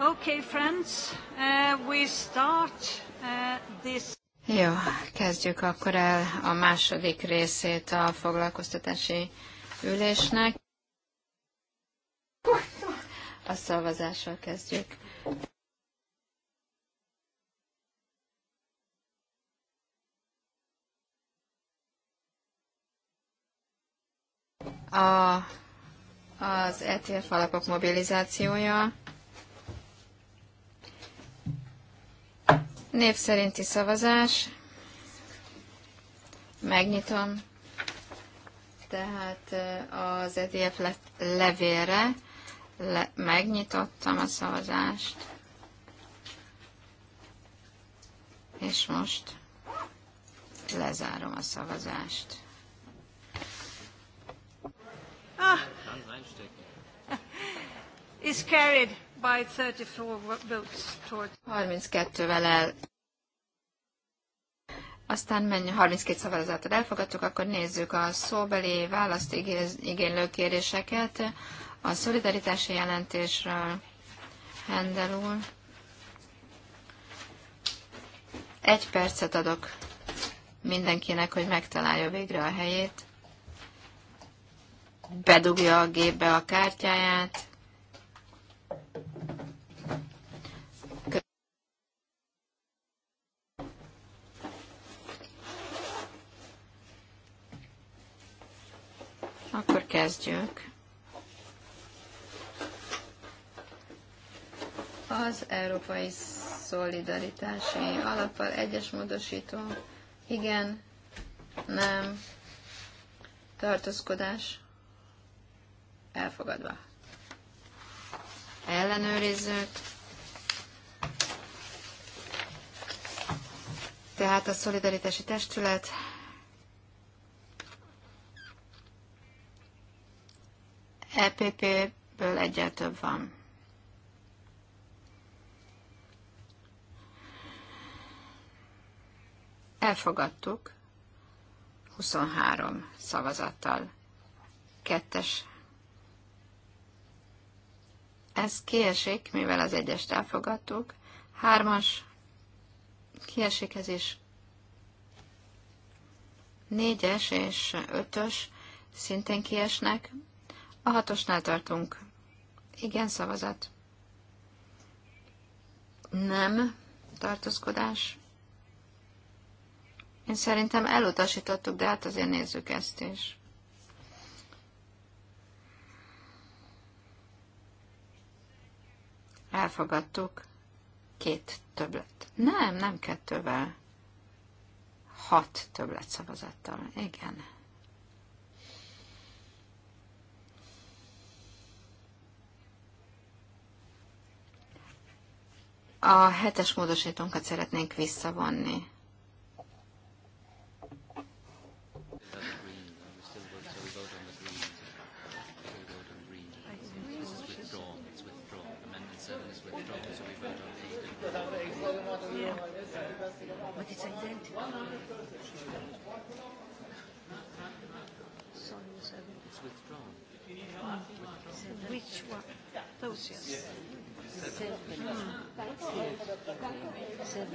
Okay, friends, uh, we start uh, this. Jó, kezdjük akkor el a második részét a foglalkoztatási ülésnek. A szavazással kezdjük. A, az ETF alapok mobilizációja. Név szerinti szavazás. Megnyitom. Tehát az EDF levélre le, megnyitottam a szavazást. És most lezárom a szavazást. Ah! Is carried by 32-vel el. Aztán menj, 32 szavazatot elfogadtuk, akkor nézzük a szóbeli választ igénylő kéréseket. A szolidaritási jelentésről Hendel úr. Egy percet adok mindenkinek, hogy megtalálja végre a helyét. Bedugja a gépbe a kártyáját. Akkor kezdjük. Az Európai Szolidaritási Alappal egyes módosító. Igen, nem, tartózkodás, elfogadva. Ellenőrizzük. Tehát a szolidaritási testület EPP-ből egyel több van. Elfogadtuk 23 szavazattal. Kettes. Ez kiesik, mivel az egyest elfogadtuk. Hármas. Kiesik ez is. Négyes és ötös szintén kiesnek. A hatosnál tartunk. Igen, szavazat. Nem. Tartózkodás. Én szerintem elutasítottuk, de hát azért nézzük ezt is. Elfogadtuk. Két többlet. Nem, nem kettővel. Hat többlet szavazattal. Igen. A hetes módosítónkat szeretnénk visszavonni. But Those, yes.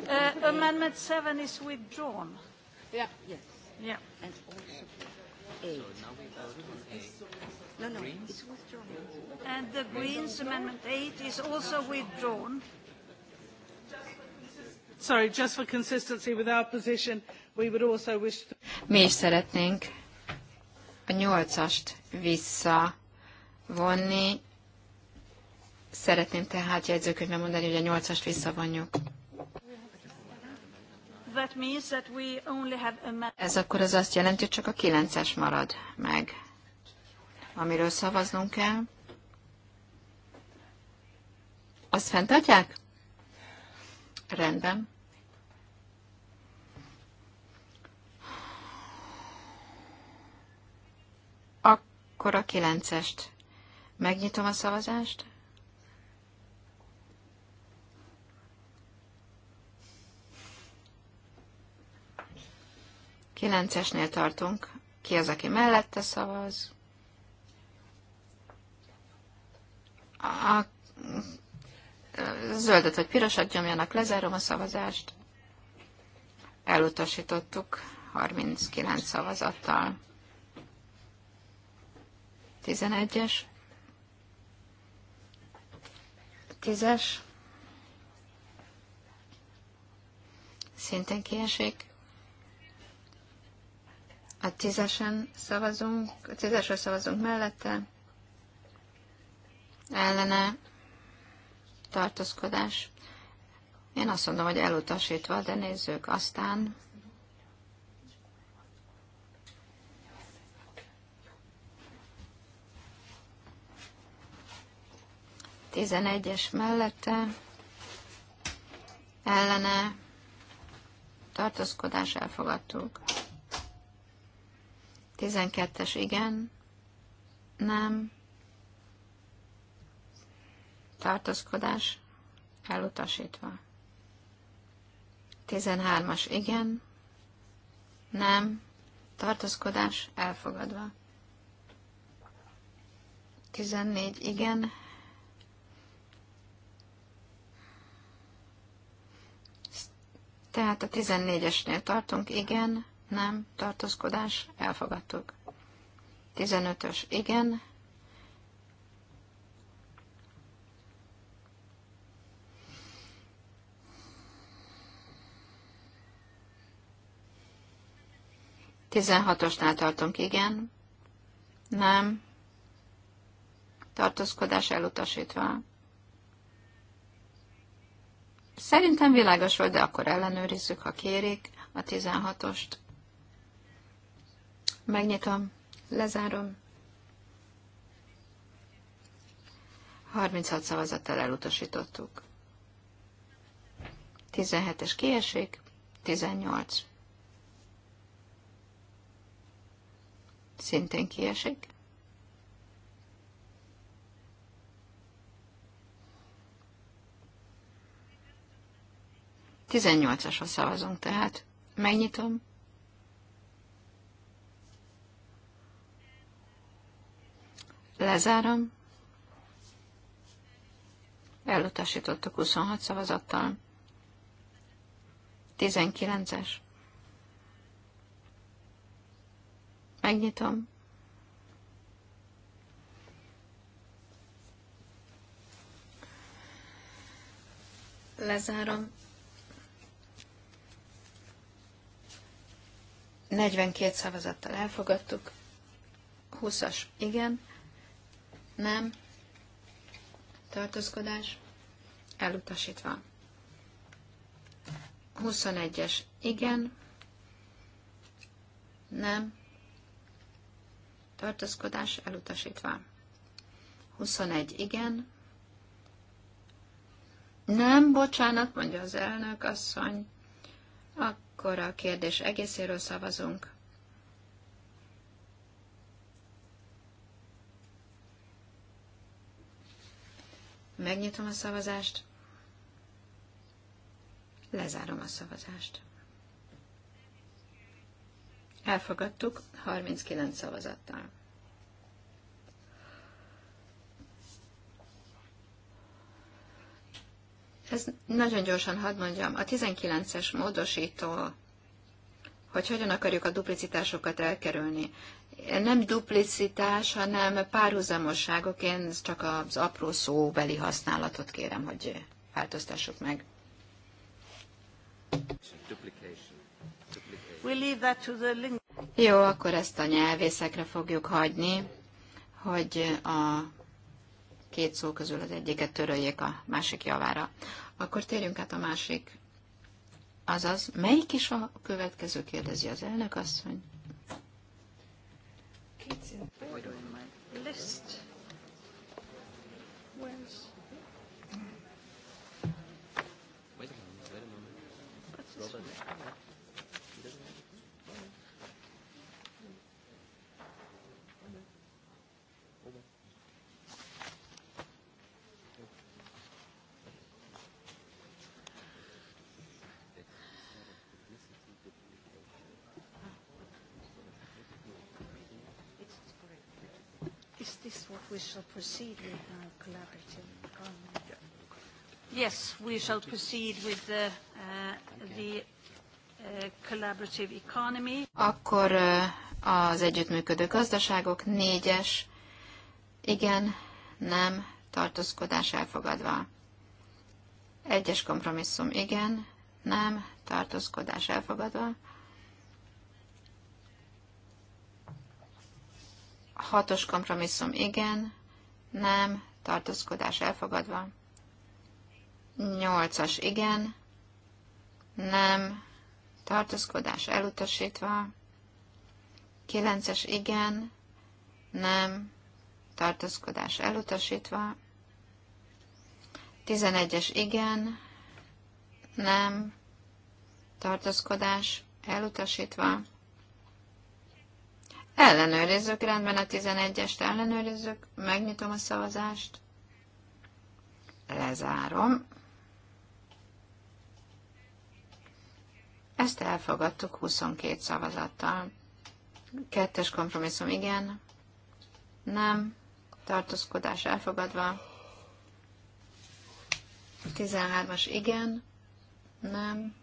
Uh, amendment 7 is withdrawn. Yeah. Yes. Yeah. And also eight. So now we vote on eight. No, no, Greens? it's withdrawn. And the Greens Amendment 8 is also withdrawn. Sorry, just for consistency with our position, we would also wish to... Mi is szeretnénk a nyolcast visszavonni, Szeretném tehát jegyzőkönyvben mondani, hogy a nyolcast visszavonjuk. Ez akkor az azt jelenti, hogy csak a kilences marad meg, amiről szavaznunk kell. Azt fenntartják? Rendben. Akkor a kilencest Megnyitom a szavazást. Kilencesnél tartunk. Ki az, aki mellette szavaz? A zöldet vagy pirosat gyomjanak, lezárom a szavazást. Elutasítottuk 39 szavazattal. 11-es. 10-es. Szintén kiesik. A tízesen szavazunk, a tízesről szavazunk mellette. Ellene tartózkodás. Én azt mondom, hogy elutasítva, de nézzük aztán. Tizenegyes mellette ellene tartózkodás elfogadtuk. 12-es igen, nem, tartózkodás elutasítva. 13-as igen, nem, tartózkodás elfogadva. 14 igen, tehát a 14-esnél tartunk, igen, nem, tartózkodás, elfogadtuk. 15-ös, igen. Tizenhatosnál tartunk, igen. Nem. Tartózkodás elutasítva. Szerintem világos volt, de akkor ellenőrizzük, ha kérik a 16-ost. Megnyitom, lezárom. 36 szavazattal elutasítottuk. 17-es kiesik, 18. Szintén kiesik. Tizennyolcasra szavazunk tehát. Megnyitom. Lezárom. Elutasítottuk 26 szavazattal. 19-es. Megnyitom. Lezárom. 42 szavazattal elfogadtuk. 20-as igen. Nem. Tartózkodás. Elutasítva. 21-es. Igen. Nem. Tartózkodás elutasítva. 21. Igen. Nem, bocsánat, mondja az elnök asszony. Akkor a kérdés egészéről szavazunk. Megnyitom a szavazást. Lezárom a szavazást. Elfogadtuk 39 szavazattal. Ez nagyon gyorsan hadd mondjam, a 19-es módosító, hogy hogyan akarjuk a duplicitásokat elkerülni nem duplicitás, hanem párhuzamosságok. Én csak az apró szóbeli használatot kérem, hogy változtassuk meg. Jó, akkor ezt a nyelvészekre fogjuk hagyni, hogy a két szó közül az egyiket töröljék a másik javára. Akkor térjünk át a másik. Azaz, melyik is a következő, kérdezi az elnök asszony kids in my list. yes, we shall proceed with the, uh, the uh, collaborative economy. Akkor uh, az együttműködő gazdaságok négyes, igen, nem, tartózkodás elfogadva. Egyes kompromisszum, igen, nem, tartózkodás elfogadva. Hatos kompromisszum, igen, nem, tartózkodás elfogadva. Nyolcas igen, nem, tartózkodás elutasítva. Kilences igen, nem, tartózkodás elutasítva. Tizenegyes igen, nem, tartózkodás elutasítva. Ellenőrizzük, rendben a 11-est ellenőrizzük, megnyitom a szavazást, lezárom, Ezt elfogadtuk 22 szavazattal. Kettes kompromisszum igen, nem, tartózkodás elfogadva. 13-as igen, nem,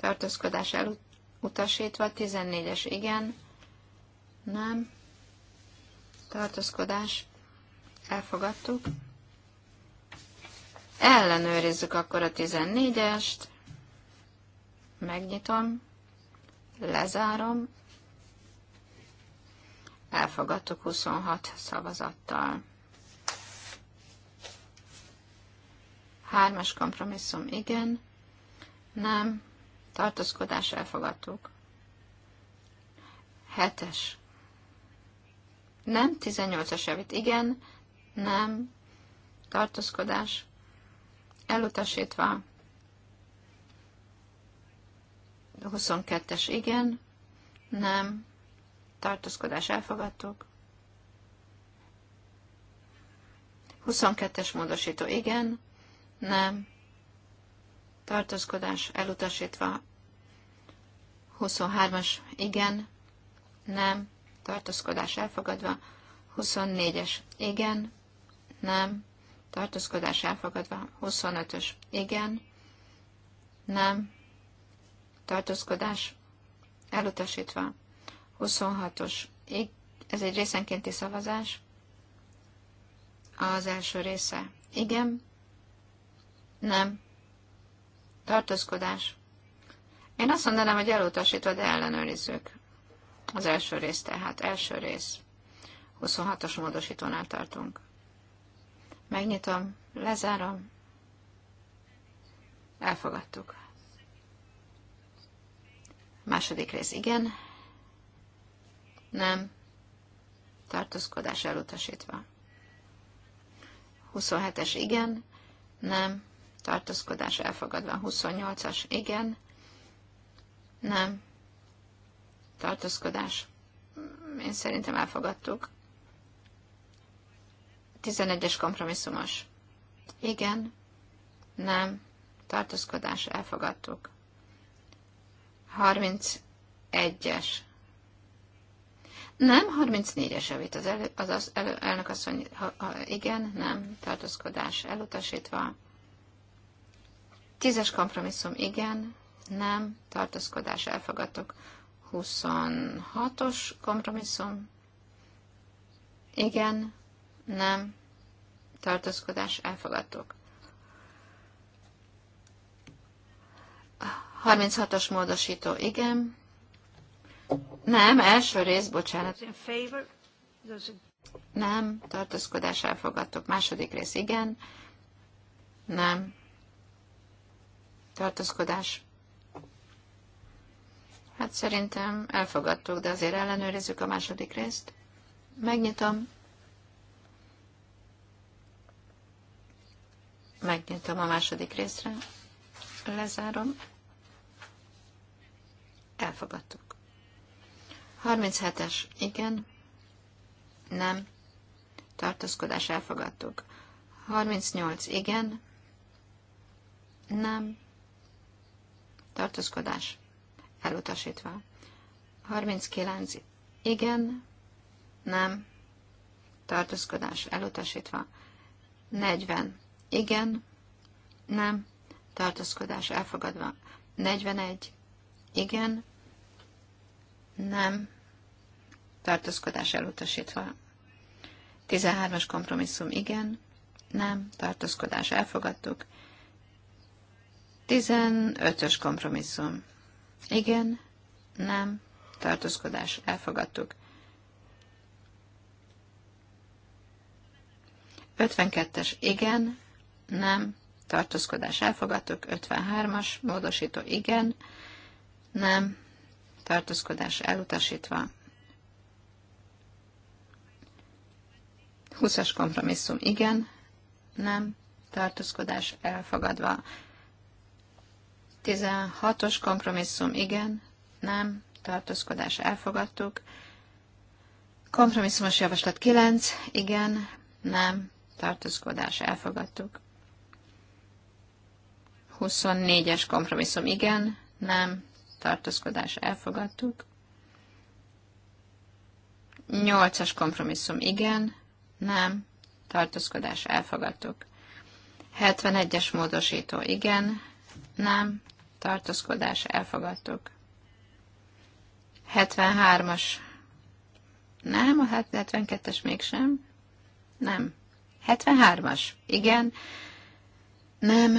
tartózkodás elutasítva. 14-es igen, nem, tartózkodás elfogadtuk. Ellenőrizzük akkor a 14-est megnyitom, lezárom, elfogadtuk 26 szavazattal. Hármas kompromisszum igen, nem, tartózkodás elfogadtuk. Hetes. Nem, 18-as javít, igen, nem, tartózkodás elutasítva. 22-es igen, nem, tartózkodás elfogadtuk. 22-es módosító igen, nem, tartózkodás elutasítva. 23-as igen, nem, tartózkodás elfogadva. 24-es igen, nem, tartózkodás elfogadva. 25-ös igen, nem, tartózkodás elutasítva. 26-os, ez egy részenkénti szavazás, az első része. Igen, nem, tartózkodás. Én azt mondanám, hogy elutasítva, de ellenőrizzük. Az első rész tehát, első rész. 26-os módosítónál tartunk. Megnyitom, lezárom. Elfogadtuk. Második rész igen. Nem. Tartózkodás elutasítva. 27-es igen. Nem. Tartózkodás elfogadva. 28-as igen. Nem. Tartózkodás. Én szerintem elfogadtuk. 11-es kompromisszumos. Igen. Nem. Tartózkodás elfogadtuk. 31-es. Nem, 34-es javít az, elő, az, az elő, elnök asszony, ha, ha, igen, nem, tartózkodás elutasítva. Tízes kompromisszum, igen, nem, tartózkodás elfogadtok. 26-os kompromisszum, igen, nem, tartózkodás elfogadtok. 36-os módosító, igen. Nem, első rész, bocsánat. Nem, tartózkodás elfogadtok. Második rész, igen. Nem. Tartózkodás. Hát szerintem elfogadtuk, de azért ellenőrizzük a második részt. Megnyitom. Megnyitom a második részre. Lezárom. Elfogadtuk. 37-es. Igen. Nem. Tartózkodás. Elfogadtuk. 38. Igen. Nem. Tartózkodás. Elutasítva. 39. Igen. Nem. Tartózkodás. Elutasítva. 40. Igen. Nem. Tartózkodás. Elfogadva. 41. Igen. Nem. Tartózkodás elutasítva. 13-as kompromisszum. Igen. Nem. Tartózkodás elfogadtuk. 15-ös kompromisszum. Igen. Nem. Tartózkodás elfogadtuk. 52-es igen, nem, tartózkodás elfogadtuk, 53-as módosító igen, nem. Tartózkodás elutasítva. 20-as kompromisszum igen, nem, tartózkodás elfogadva. 16-os kompromisszum igen, nem, tartózkodás elfogadtuk. Kompromisszumos javaslat 9, igen, nem, tartózkodás elfogadtuk. 24-es kompromisszum igen, nem, tartózkodás elfogadtuk. Nyolcas kompromisszum igen, nem, tartózkodás elfogadtuk. 71-es módosító igen, nem, tartózkodás elfogadtuk. 73-as nem, a 72-es mégsem. Nem. 73-as. Igen. Nem.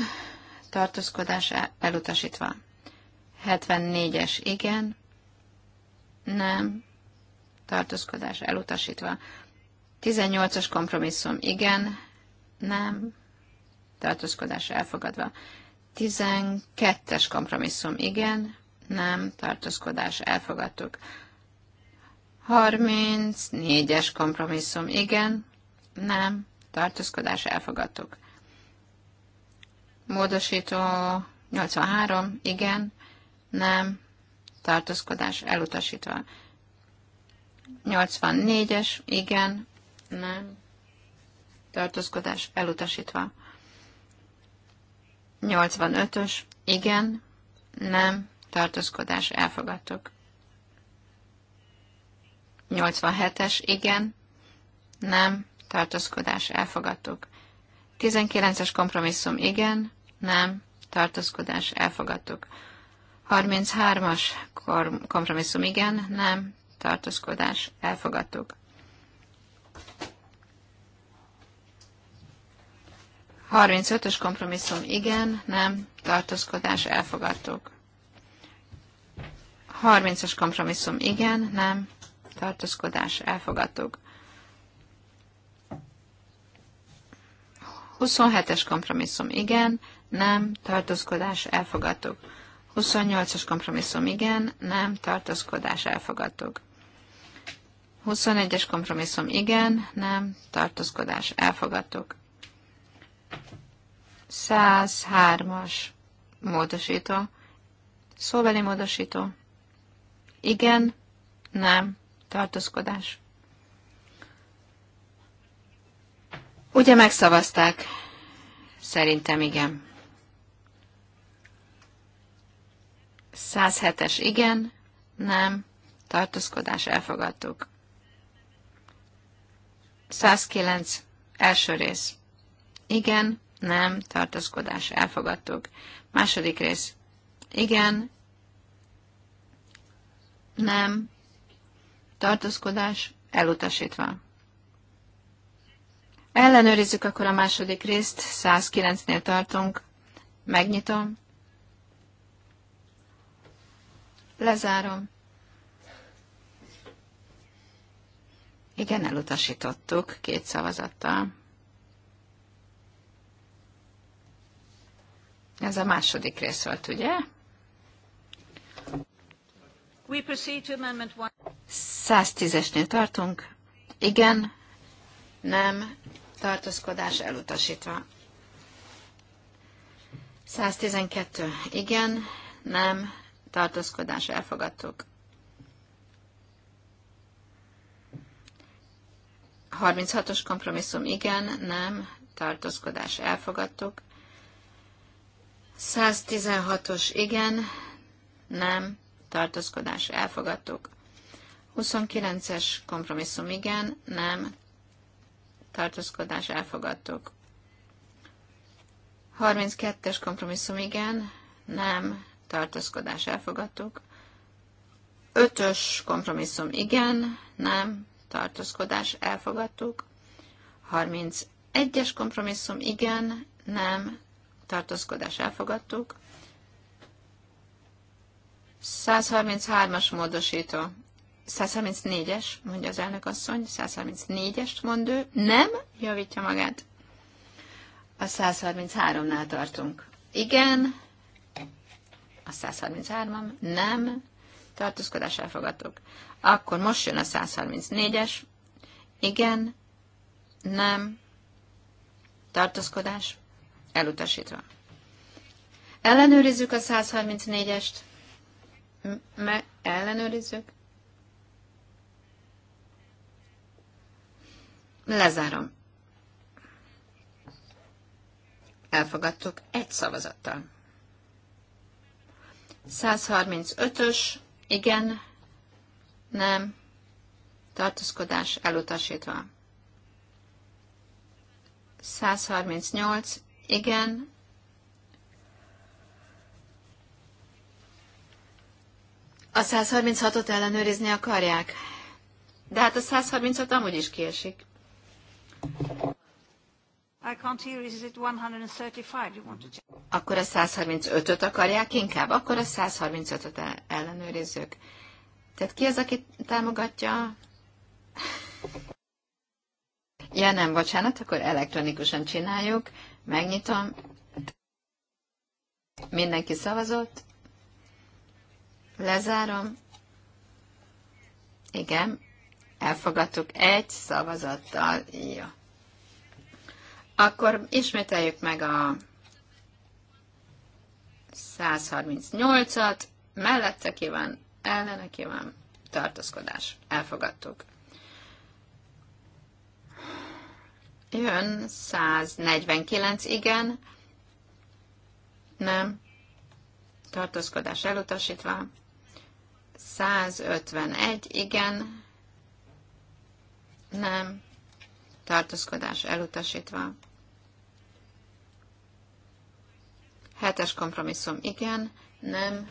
Tartózkodás elutasítva. 74-es igen, nem, tartózkodás elutasítva. 18-as kompromisszum igen, nem, tartózkodás elfogadva. 12-es kompromisszum igen, nem, tartózkodás elfogadtuk. 34-es kompromisszum igen, nem, tartózkodás elfogadtuk. Módosító 83, igen, nem, tartózkodás elutasítva. 84-es, igen, nem, tartózkodás elutasítva. 85-ös, igen, nem, tartózkodás elfogadtuk. 87-es, igen, nem, tartózkodás elfogadtuk. 19-es kompromisszum, igen, nem, tartózkodás elfogadtuk. 33-as kompromisszum igen, nem, tartózkodás, elfogadtuk. 35-ös kompromisszum igen, nem, tartózkodás, elfogadtuk. 30-as kompromisszum igen, nem, tartózkodás, elfogadtuk. 27-es kompromisszum igen, nem, tartózkodás, elfogadtuk. 28-as kompromisszum igen, nem, tartózkodás elfogadtuk. 21-es kompromisszum igen, nem, tartózkodás elfogadtuk. 103-as módosító, szóbeli módosító, igen, nem, tartózkodás. Ugye megszavazták? Szerintem igen. 107-es igen, nem, tartózkodás elfogadtuk. 109 első rész. Igen, nem, tartózkodás elfogadtuk. Második rész. Igen, nem, tartózkodás elutasítva. Ellenőrizzük akkor a második részt, 109-nél tartunk. Megnyitom. Lezárom. Igen, elutasítottuk két szavazattal. Ez a második rész volt, ugye? We proceed to amendment one. 110-esnél tartunk. Igen, nem, tartózkodás elutasítva. 112. Igen, nem, tartózkodás elfogadtuk. 36-os kompromisszum igen, nem, tartózkodás elfogadtuk. 116-os igen, nem, tartózkodás elfogadtuk. 29-es kompromisszum igen, nem, tartózkodás elfogadtuk. 32-es kompromisszum igen, nem, tartózkodás elfogadtuk. Ötös kompromisszum igen, nem, tartózkodás elfogadtuk. 31-es kompromisszum igen, nem, tartózkodás elfogadtuk. 133-as módosító. 134-es, mondja az elnök asszony, 134-est mond ő, nem, javítja magát. A 133-nál tartunk. Igen, a 133-am, nem, tartózkodás elfogadok. Akkor most jön a 134-es, igen, nem, tartózkodás elutasítva. Ellenőrizzük a 134-est, me ellenőrizzük. Lezárom. Elfogadtuk egy szavazattal. 135-ös, igen, nem, tartózkodás elutasítva. 138, igen, A 136-ot ellenőrizni akarják? De hát a 136 amúgy is kiesik. I can't hear, is it 135 you want to check? Akkor a 135-öt akarják inkább? Akkor a 135-öt ellenőrizzük. Tehát ki az, aki támogatja? ja, nem, bocsánat, akkor elektronikusan csináljuk. Megnyitom. Mindenki szavazott. Lezárom. Igen, elfogadtuk egy szavazattal. Jó. Ja. Akkor ismételjük meg a 138-at, mellette ki van, ellene ki van, tartózkodás. Elfogadtuk. Jön 149, igen, nem, tartózkodás elutasítva, 151, igen, nem, tartózkodás elutasítva. Hetes kompromisszum igen, nem,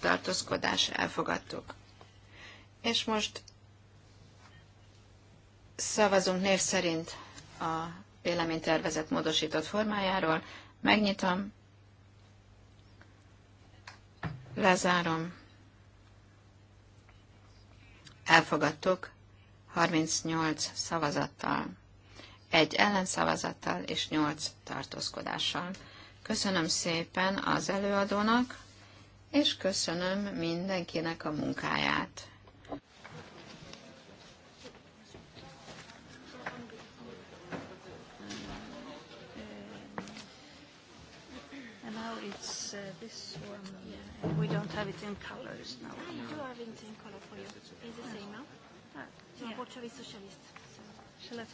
tartózkodás elfogadtuk. És most szavazunk név szerint a véleménytervezet módosított formájáról. Megnyitom, lezárom, elfogadtuk 38 szavazattal, egy ellenszavazattal és 8 tartózkodással. Köszönöm szépen az előadónak, és köszönöm mindenkinek a munkáját. uh, this one. Yeah. We don't have it in colors now. Ah, you do have it in color for you. Is it the same now? Ah. Yeah. Szóval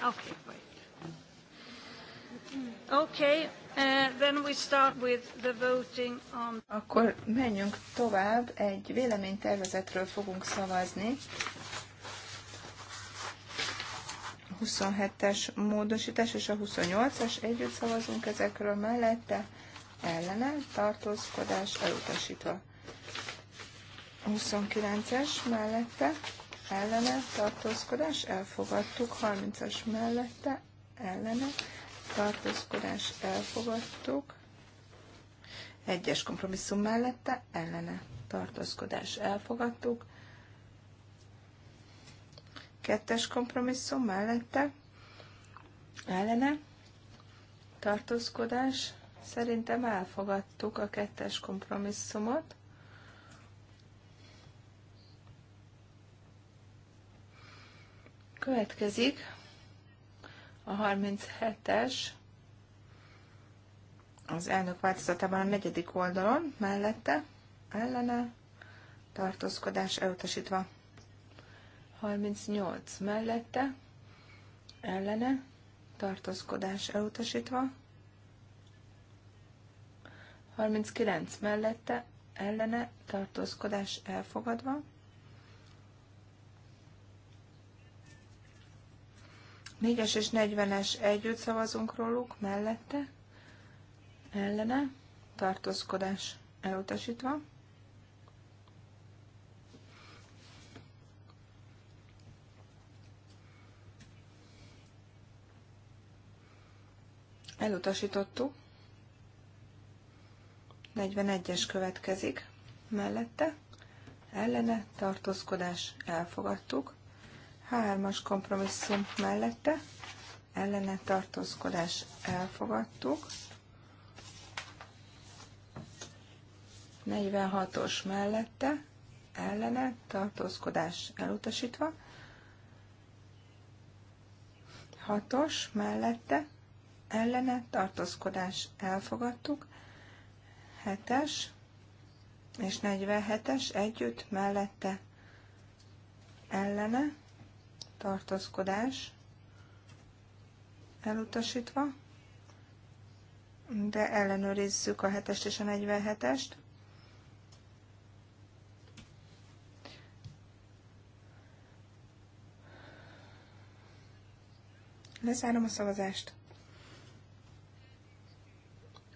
okay, great. Okay, uh, then we start with the voting on... Akkor menjünk tovább, egy véleménytervezetről fogunk szavazni. 27-es módosítás és a 28-as együtt szavazunk ezekről mellette, ellene tartózkodás elutasítva. 29-es mellette ellene tartózkodás elfogadtuk, 30-as mellette ellene tartózkodás elfogadtuk, 1-es kompromisszum mellette ellene tartózkodás elfogadtuk, 2-es kompromisszum mellette ellene tartózkodás szerintem elfogadtuk a kettes kompromisszumot. Következik a 37-es, az elnök változatában a negyedik oldalon, mellette, ellene, tartózkodás elutasítva. 38 mellette, ellene, tartózkodás elutasítva. 39 mellette, ellene, tartózkodás elfogadva. 4-es és 40-es együtt szavazunk róluk, mellette, ellene, tartózkodás elutasítva. Elutasítottuk. 41-es következik, mellette, ellene, tartózkodás elfogadtuk. Hármas kompromisszum mellette ellene tartózkodás elfogadtuk. 46-os mellette ellene tartózkodás elutasítva. 6-os mellette ellene tartózkodás elfogadtuk. 7-es és 47-es együtt mellette ellene tartózkodás elutasítva, de ellenőrizzük a 7-est és a 47-est. Lezárom a szavazást.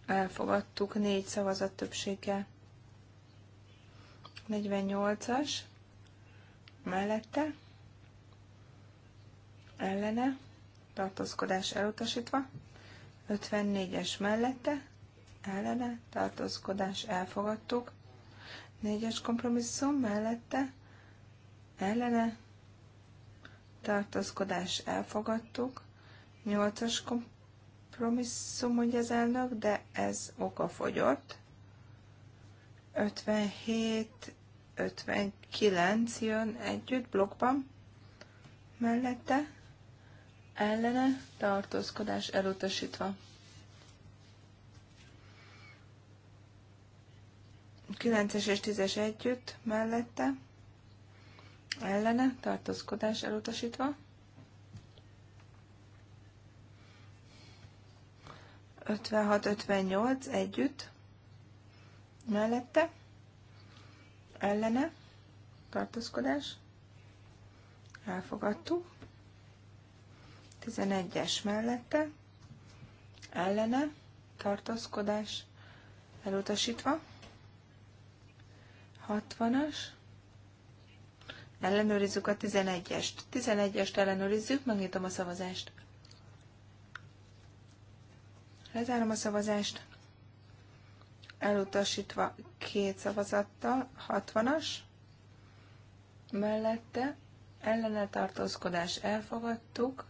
Elfogadtuk négy szavazat többsége. 48-as mellette ellene, tartózkodás elutasítva, 54-es mellette, ellene, tartózkodás elfogadtuk, 4-es kompromisszum mellette, ellene, tartózkodás elfogadtuk, 8-as kompromisszum, mondja az elnök, de ez fogyott. 57, 59 jön együtt blokkban, mellette, ellene tartózkodás elutasítva. Kilences és 10 együtt mellette ellene tartózkodás elutasítva. 56-58 együtt mellette ellene tartózkodás elfogadtuk. 11-es mellette, ellene, tartózkodás, elutasítva. 60-as, ellenőrizzük a 11-est. 11-est ellenőrizzük, megnyitom a szavazást. Lezárom a szavazást. Elutasítva két szavazattal, 60-as, mellette ellene tartózkodás elfogadtuk,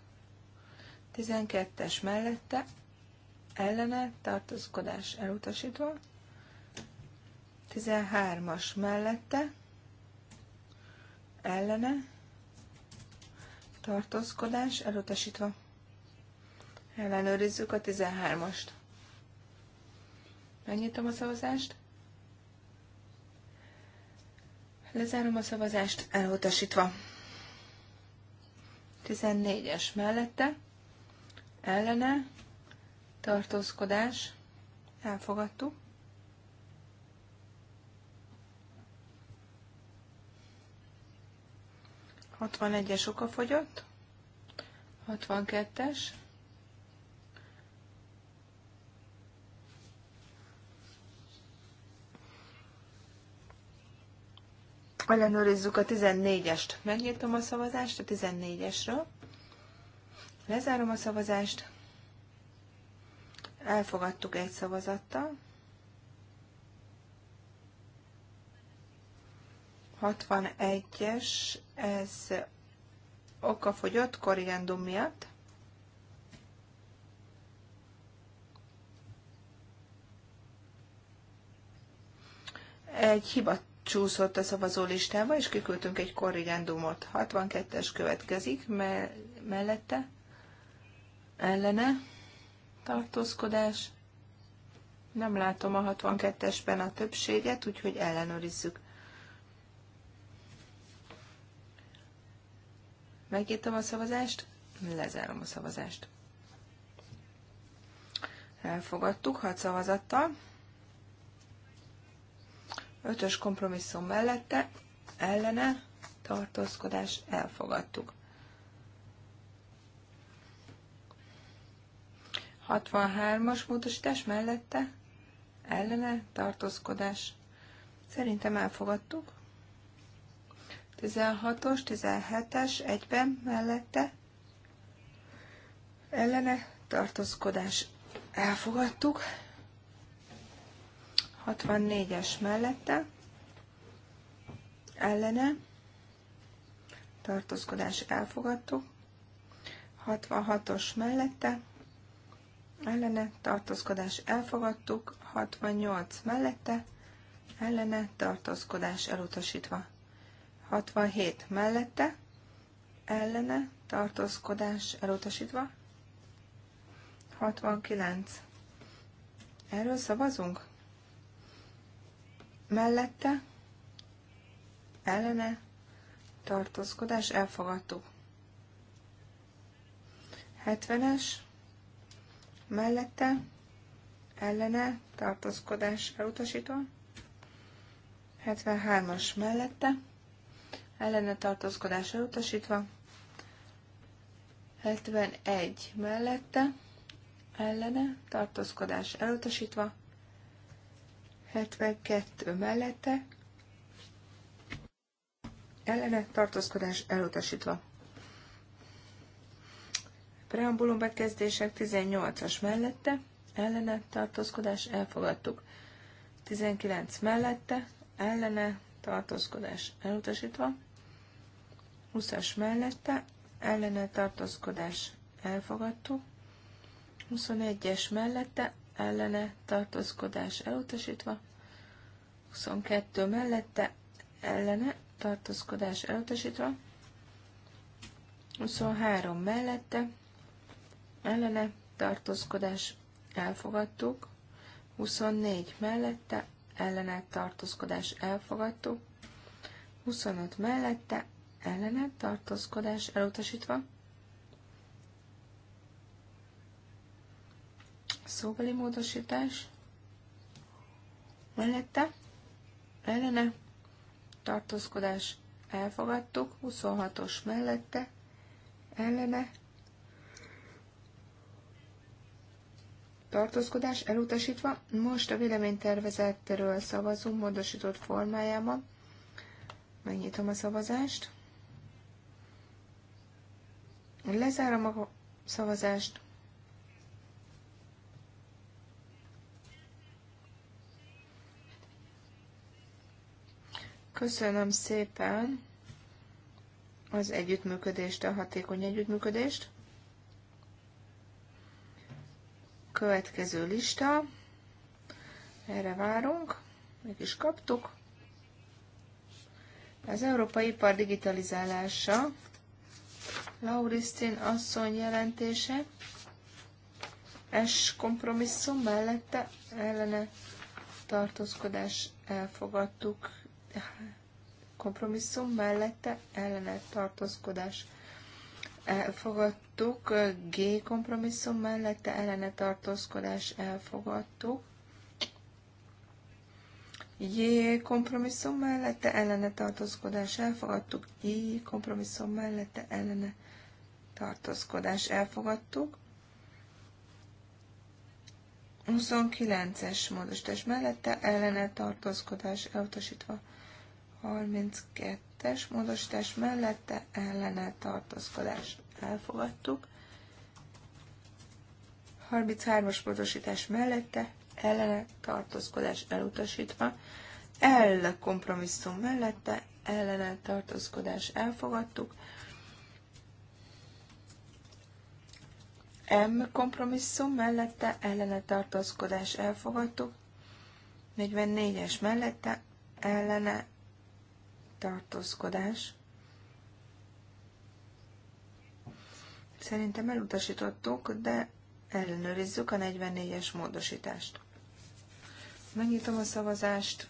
12-es mellette ellene tartózkodás elutasítva, 13-as mellette ellene tartózkodás elutasítva. Ellenőrizzük a 13-ast. Megnyitom a szavazást. Lezárom a szavazást elutasítva. 14-es mellette ellene, tartózkodás, elfogadtuk. Hatvan egyes oka fogyott, 62-es, ellenőrizzük a 14-est. Megnyitom a szavazást a 14-esről. Lezárom a szavazást. Elfogadtuk egy szavazattal. 61-es, ez okafogyott korrigendum miatt. Egy hiba csúszott a listába, és kiküldtünk egy korrigendumot. 62-es következik, mellette ellene tartózkodás. Nem látom a 62-esben a többséget, úgyhogy ellenőrizzük. Megírtam a szavazást, lezárom a szavazást. Elfogadtuk 6 szavazattal. 5-ös kompromisszum mellette, ellene, tartózkodás, elfogadtuk. 63-as módosítás mellette ellene tartózkodás. Szerintem elfogadtuk. 16-os, 17-es egyben mellette ellene tartózkodás. Elfogadtuk. 64-es mellette ellene tartózkodás elfogadtuk. 66-os mellette ellene tartózkodás elfogadtuk, 68 mellette, ellene tartózkodás elutasítva. 67 mellette, ellene tartózkodás elutasítva. 69. Erről szavazunk? Mellette, ellene tartózkodás elfogadtuk. 70-es, mellette, ellene, tartózkodás elutasító, 73-as mellette, ellene tartózkodás elutasítva, 71 mellette, ellene tartózkodás elutasítva, 72 mellette, ellene tartózkodás elutasítva. Preambulum bekezdések 18-as mellette, ellene tartózkodás elfogadtuk. 19 mellette, ellene tartózkodás elutasítva. 20-as mellette, ellene tartózkodás elfogadtuk. 21-es mellette, ellene tartózkodás elutasítva. 22 mellette, ellene tartózkodás elutasítva. 23 mellette, ellene tartózkodás elfogadtuk, 24 mellette ellene tartózkodás elfogadtuk, 25 mellette ellene tartózkodás elutasítva, szóbeli módosítás mellette ellene tartózkodás elfogadtuk, 26-os mellette ellene tartózkodás elutasítva. Most a véleménytervezetről szavazunk módosított formájában. Megnyitom a szavazást. Lezárom a szavazást. Köszönöm szépen az együttműködést, a hatékony együttműködést. következő lista. Erre várunk. Meg is kaptuk. Az Európai Ipar digitalizálása. Laurisztin asszony jelentése. es kompromisszum mellette ellene tartózkodás elfogadtuk. Kompromisszum mellette ellene tartózkodás elfogadtuk elfogadtuk, G kompromisszum mellette ellene tartózkodás elfogadtuk, J kompromisszum mellette ellene tartózkodás elfogadtuk, I kompromisszum mellette ellene tartózkodás elfogadtuk, 29-es módosítás mellette ellene tartózkodás elutasítva, 32 testmódosítás mellette ellene tartózkodás elfogadtuk. 33-as módosítás mellette ellene tartózkodás elutasítva. L kompromisszum mellette ellene tartózkodás elfogadtuk. M kompromisszum mellette ellene tartózkodás elfogadtuk. 44-es mellette ellene tartózkodás. Szerintem elutasítottuk, de ellenőrizzük a 44-es módosítást. Megnyitom a szavazást,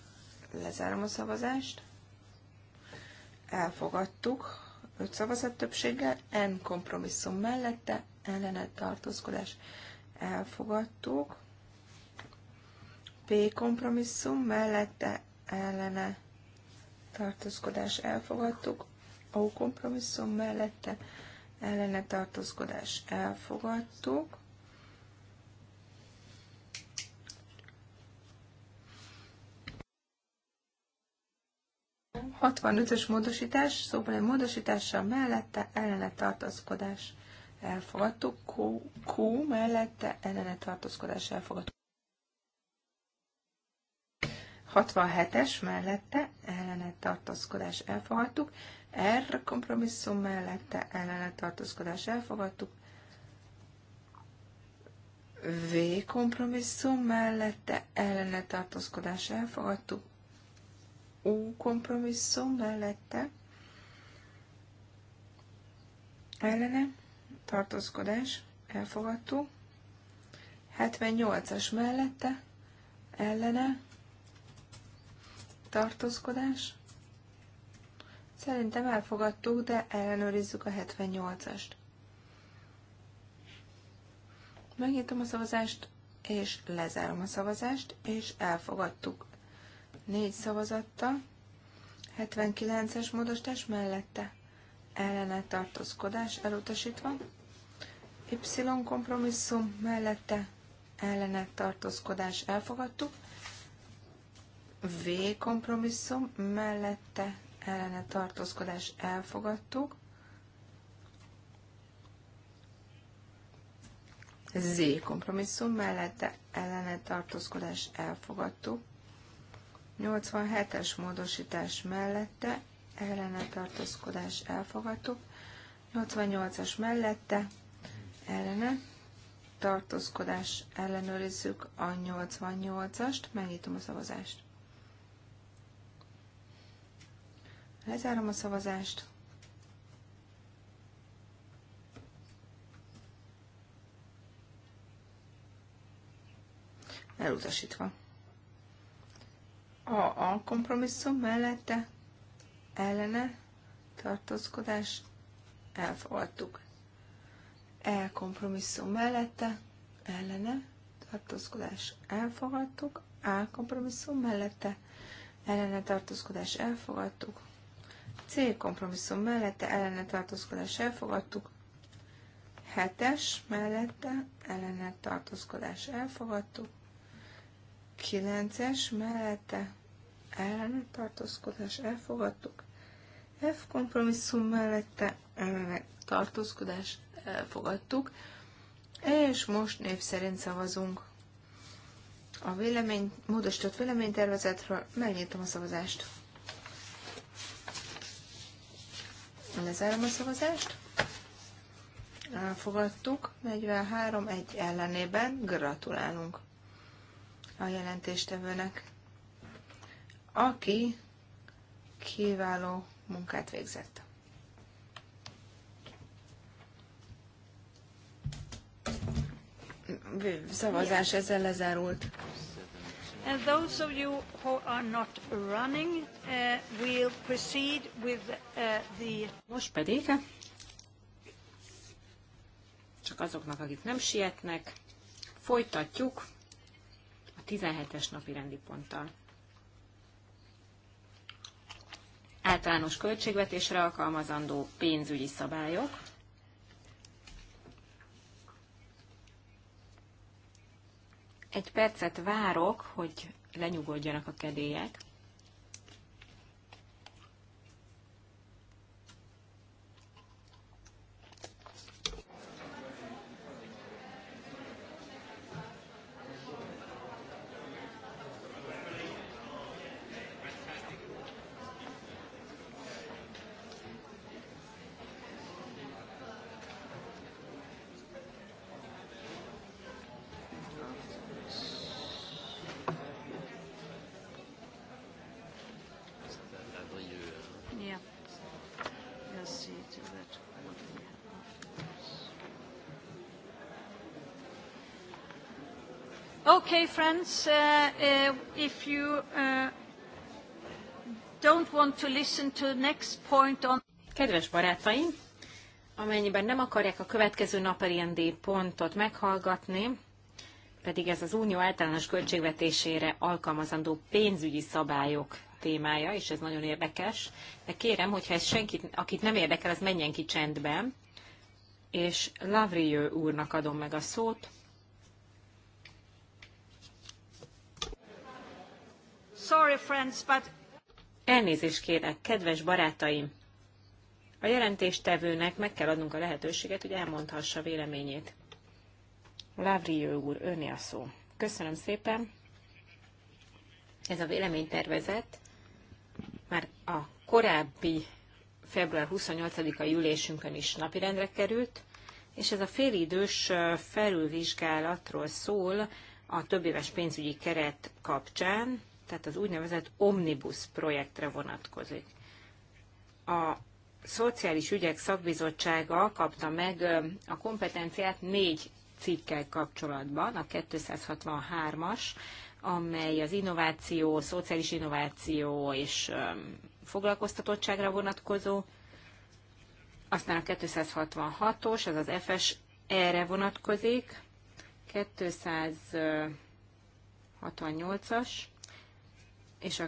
lezárom a szavazást. Elfogadtuk 5 szavazat többséggel, N kompromisszum mellette, ellenet tartózkodás. Elfogadtuk. P kompromisszum mellette, ellene tartózkodás elfogadtuk, a kompromisszum mellette ellene tartózkodás elfogadtuk, ös módosítás, szóval egy módosítással mellette ellene tartózkodás elfogadtuk, Q, Q mellette ellene tartózkodás elfogadtuk. 67-es mellette ellene tartózkodás elfogadtuk, R kompromisszum mellette ellene tartózkodás elfogadtuk, V kompromisszum mellette ellene tartózkodás elfogadtuk, U kompromisszum mellette ellene tartózkodás elfogadtuk, 78-as mellette ellene tartózkodás. Szerintem elfogadtuk, de ellenőrizzük a 78-ast. Megnyitom a szavazást, és lezárom a szavazást, és elfogadtuk. Négy szavazattal, 79-es módosítás mellette ellene tartózkodás elutasítva, Y kompromisszum mellette ellene tartózkodás elfogadtuk, V kompromisszum mellette ellene tartózkodás elfogadtuk. Z kompromisszum mellette ellene tartózkodás elfogadtuk. 87-es módosítás mellette ellene tartózkodás elfogadtuk. 88-as mellette ellene tartózkodás ellenőrizzük a 88-ast. Megnyitom a szavazást. Lezárom a szavazást. Elutasítva. A, a kompromisszum mellette ellene tartózkodás elfogadtuk. E kompromisszum mellette ellene tartózkodás elfogadtuk. A kompromisszum mellette ellene tartózkodás elfogadtuk. C kompromisszum mellette ellene tartózkodás elfogadtuk. 7-es mellette ellene tartózkodás elfogadtuk. 9-es mellette ellene tartózkodás elfogadtuk. F kompromisszum mellette ellene tartózkodás elfogadtuk. És most név szerint szavazunk a vélemény, módosított véleménytervezetről. Megnyitom a szavazást. Lezárom a szavazást. Elfogadtuk. 43 egy ellenében gratulálunk a jelentéstevőnek, aki kiváló munkát végzett. Szavazás ezzel lezárult. And those of you who are not running, uh, we'll proceed with uh, the... Most pedig csak azoknak, akik nem sietnek, folytatjuk a 17-es napi rendi ponttal. Általános költségvetésre alkalmazandó pénzügyi szabályok. Egy percet várok, hogy lenyugodjanak a kedélyek. Okay, friends, uh, uh, if you uh, don't want to listen to next point on... Kedves barátaim, amennyiben nem akarják a következő naperiendi pontot meghallgatni, pedig ez az unió általános költségvetésére alkalmazandó pénzügyi szabályok témája, és ez nagyon érdekes. De kérem, hogyha ez senkit, akit nem érdekel, az menjen ki csendben, és Lavrieux úrnak adom meg a szót, Sorry, friends, but... Elnézést kérek, kedves barátaim! A jelentéstevőnek meg kell adnunk a lehetőséget, hogy elmondhassa véleményét. Lavrió úr, önni a szó. Köszönöm szépen. Ez a véleménytervezet már a korábbi február 28 a ülésünkön is napirendre került, és ez a félidős felülvizsgálatról szól a többéves pénzügyi keret kapcsán, tehát az úgynevezett omnibus projektre vonatkozik. A Szociális Ügyek Szakbizottsága kapta meg a kompetenciát négy cikkel kapcsolatban, a 263-as, amely az innováció, szociális innováció és foglalkoztatottságra vonatkozó, aztán a 266-os, az az FS erre vonatkozik, 268-as, és a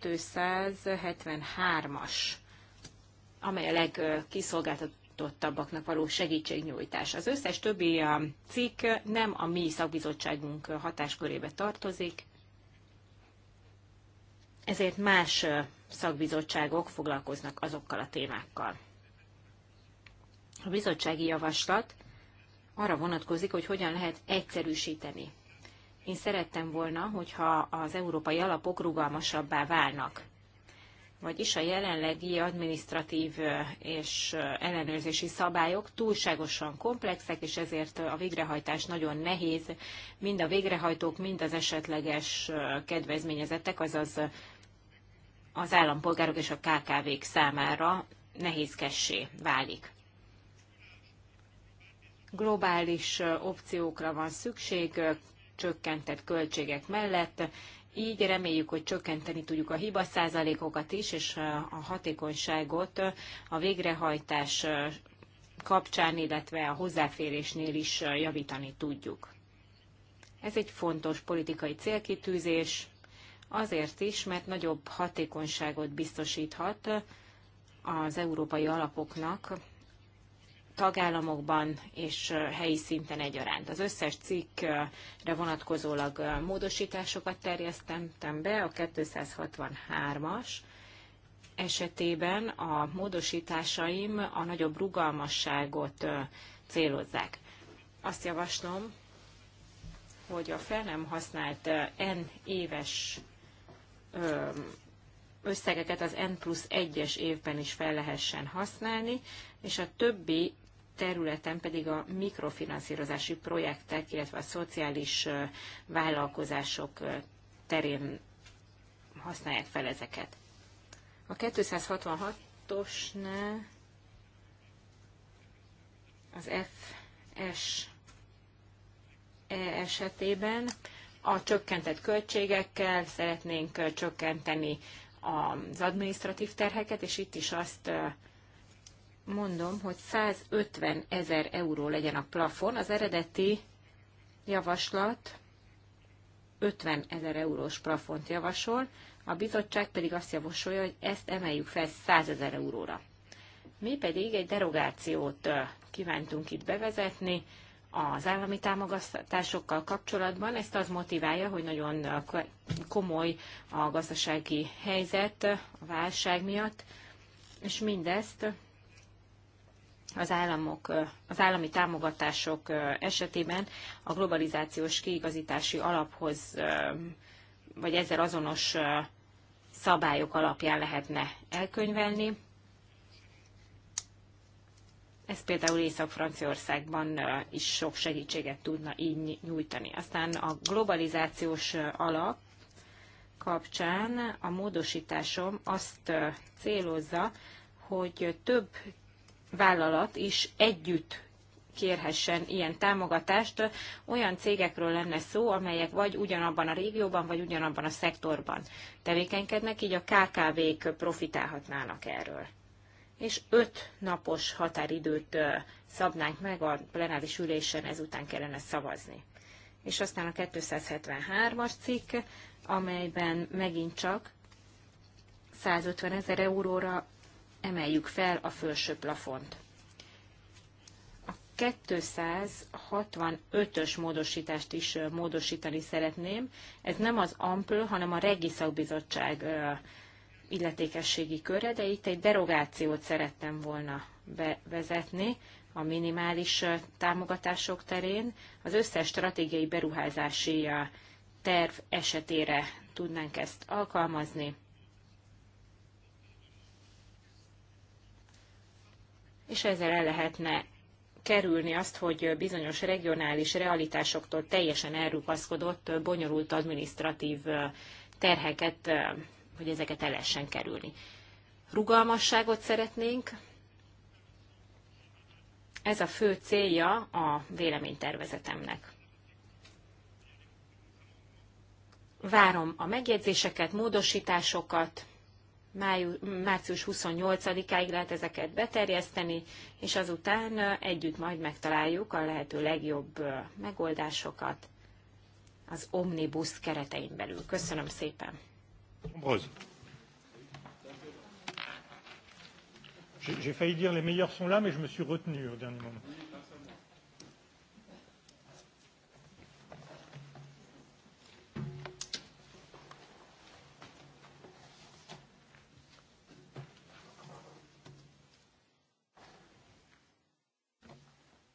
273-as, amely a legkiszolgáltatottabbaknak való segítségnyújtás. Az összes többi cikk nem a mi szakbizottságunk hatáskörébe tartozik, ezért más szakbizottságok foglalkoznak azokkal a témákkal. A bizottsági javaslat arra vonatkozik, hogy hogyan lehet egyszerűsíteni én szerettem volna, hogyha az európai alapok rugalmasabbá válnak. Vagyis a jelenlegi administratív és ellenőrzési szabályok túlságosan komplexek, és ezért a végrehajtás nagyon nehéz, mind a végrehajtók, mind az esetleges kedvezményezettek, azaz az állampolgárok és a KKV-k számára nehézkessé válik. Globális opciókra van szükség, csökkentett költségek mellett. Így reméljük, hogy csökkenteni tudjuk a hiba százalékokat is, és a hatékonyságot a végrehajtás kapcsán, illetve a hozzáférésnél is javítani tudjuk. Ez egy fontos politikai célkitűzés, azért is, mert nagyobb hatékonyságot biztosíthat az európai alapoknak tagállamokban és helyi szinten egyaránt. Az összes cikkre vonatkozólag módosításokat terjesztettem be, a 263-as esetében a módosításaim a nagyobb rugalmasságot célozzák. Azt javaslom, hogy a fel nem használt N éves összegeket az N plusz 1-es évben is fel lehessen használni, és a többi területen pedig a mikrofinanszírozási projektek, illetve a szociális vállalkozások terén használják fel ezeket. A 266-osnál az FS e esetében a csökkentett költségekkel szeretnénk csökkenteni az administratív terheket, és itt is azt mondom, hogy 150 ezer euró legyen a plafon. Az eredeti javaslat 50 ezer eurós plafont javasol, a bizottság pedig azt javasolja, hogy ezt emeljük fel 100 ezer euróra. Mi pedig egy derogációt kívántunk itt bevezetni az állami támogatásokkal kapcsolatban. Ezt az motiválja, hogy nagyon komoly a gazdasági helyzet a válság miatt, és mindezt az, államok, az állami támogatások esetében a globalizációs kiigazítási alaphoz, vagy ezzel azonos szabályok alapján lehetne elkönyvelni. Ez például Észak-Franciaországban is sok segítséget tudna így nyújtani. Aztán a globalizációs alap kapcsán a módosításom azt célozza, hogy több vállalat is együtt kérhessen ilyen támogatást. Olyan cégekről lenne szó, amelyek vagy ugyanabban a régióban, vagy ugyanabban a szektorban tevékenykednek, így a KKV-k profitálhatnának erről. És öt napos határidőt szabnánk meg a plenáris ülésen, ezután kellene szavazni. És aztán a 273-as cikk, amelyben megint csak 150 ezer euróra emeljük fel a felső plafont. A 265-ös módosítást is módosítani szeretném. Ez nem az AMPL, hanem a Regi Szakbizottság illetékességi körre, de itt egy derogációt szerettem volna bevezetni a minimális támogatások terén. Az összes stratégiai beruházási terv esetére tudnánk ezt alkalmazni. és ezzel el lehetne kerülni azt, hogy bizonyos regionális realitásoktól teljesen elrupaszkodott, bonyolult administratív terheket, hogy ezeket el lehessen kerülni. Rugalmasságot szeretnénk. Ez a fő célja a véleménytervezetemnek. Várom a megjegyzéseket, módosításokat, májú, március 28-áig lehet ezeket beterjeszteni, és azután együtt majd megtaláljuk a lehető legjobb megoldásokat az Omnibus keretein belül. Köszönöm szépen! Ambroise. J'ai failli dire les meilleurs sont là, mais je me suis retenu au dernier moment.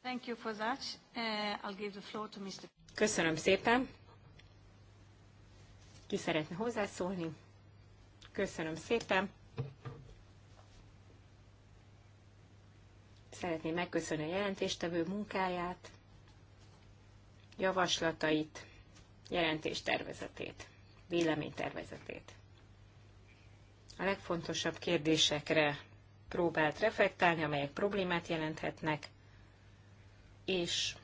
Thank you for that. Uh, I'll give the floor to Mr. Köszönöm szépen. Ki szeretne hozzászólni? Köszönöm szépen. Szeretném megköszönni a jelentéstevő munkáját, javaslatait, jelentéstervezetét, véleménytervezetét. A legfontosabb kérdésekre próbált reflektálni, amelyek problémát jelenthetnek, és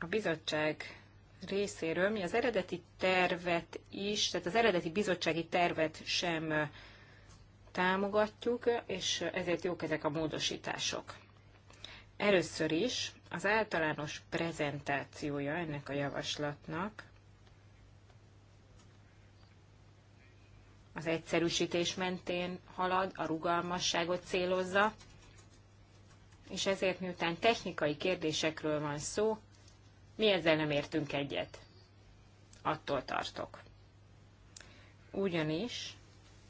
a bizottság részéről mi az eredeti tervet is, tehát az eredeti bizottsági tervet sem támogatjuk, és ezért jók ezek a módosítások. Először is az általános prezentációja ennek a javaslatnak az egyszerűsítés mentén halad, a rugalmasságot célozza, és ezért miután technikai kérdésekről van szó, mi ezzel nem értünk egyet. Attól tartok. Ugyanis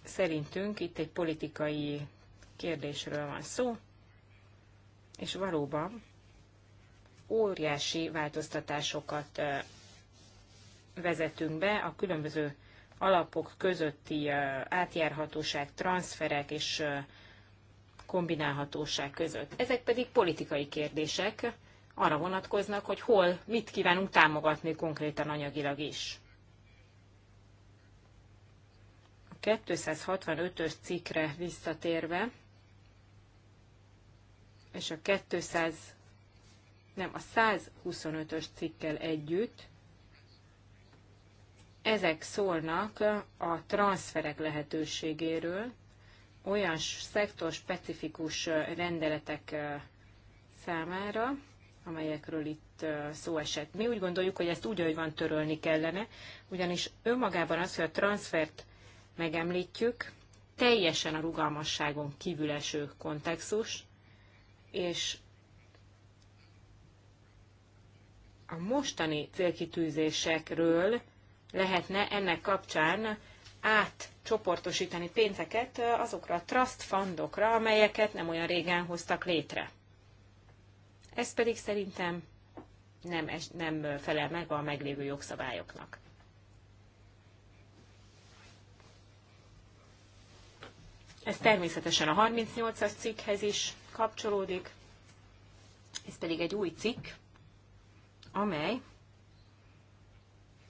szerintünk itt egy politikai kérdésről van szó, és valóban óriási változtatásokat vezetünk be a különböző alapok közötti átjárhatóság, transferek és kombinálhatóság között. Ezek pedig politikai kérdések, arra vonatkoznak, hogy hol, mit kívánunk támogatni konkrétan anyagilag is. A 265-ös cikkre visszatérve, és a 200, nem, a 125-ös cikkel együtt, ezek szólnak a transferek lehetőségéről, olyan szektorspecifikus rendeletek számára, amelyekről itt szó esett. Mi úgy gondoljuk, hogy ezt úgy, ahogy van, törölni kellene, ugyanis önmagában az, hogy a transfert megemlítjük, teljesen a rugalmasságon kívül eső kontextus, és a mostani célkitűzésekről lehetne ennek kapcsán átcsoportosítani pénzeket azokra a trust fundokra, amelyeket nem olyan régen hoztak létre. Ez pedig szerintem nem, nem felel meg a meglévő jogszabályoknak. Ez természetesen a 38-as cikkhez is kapcsolódik, ez pedig egy új cikk, amely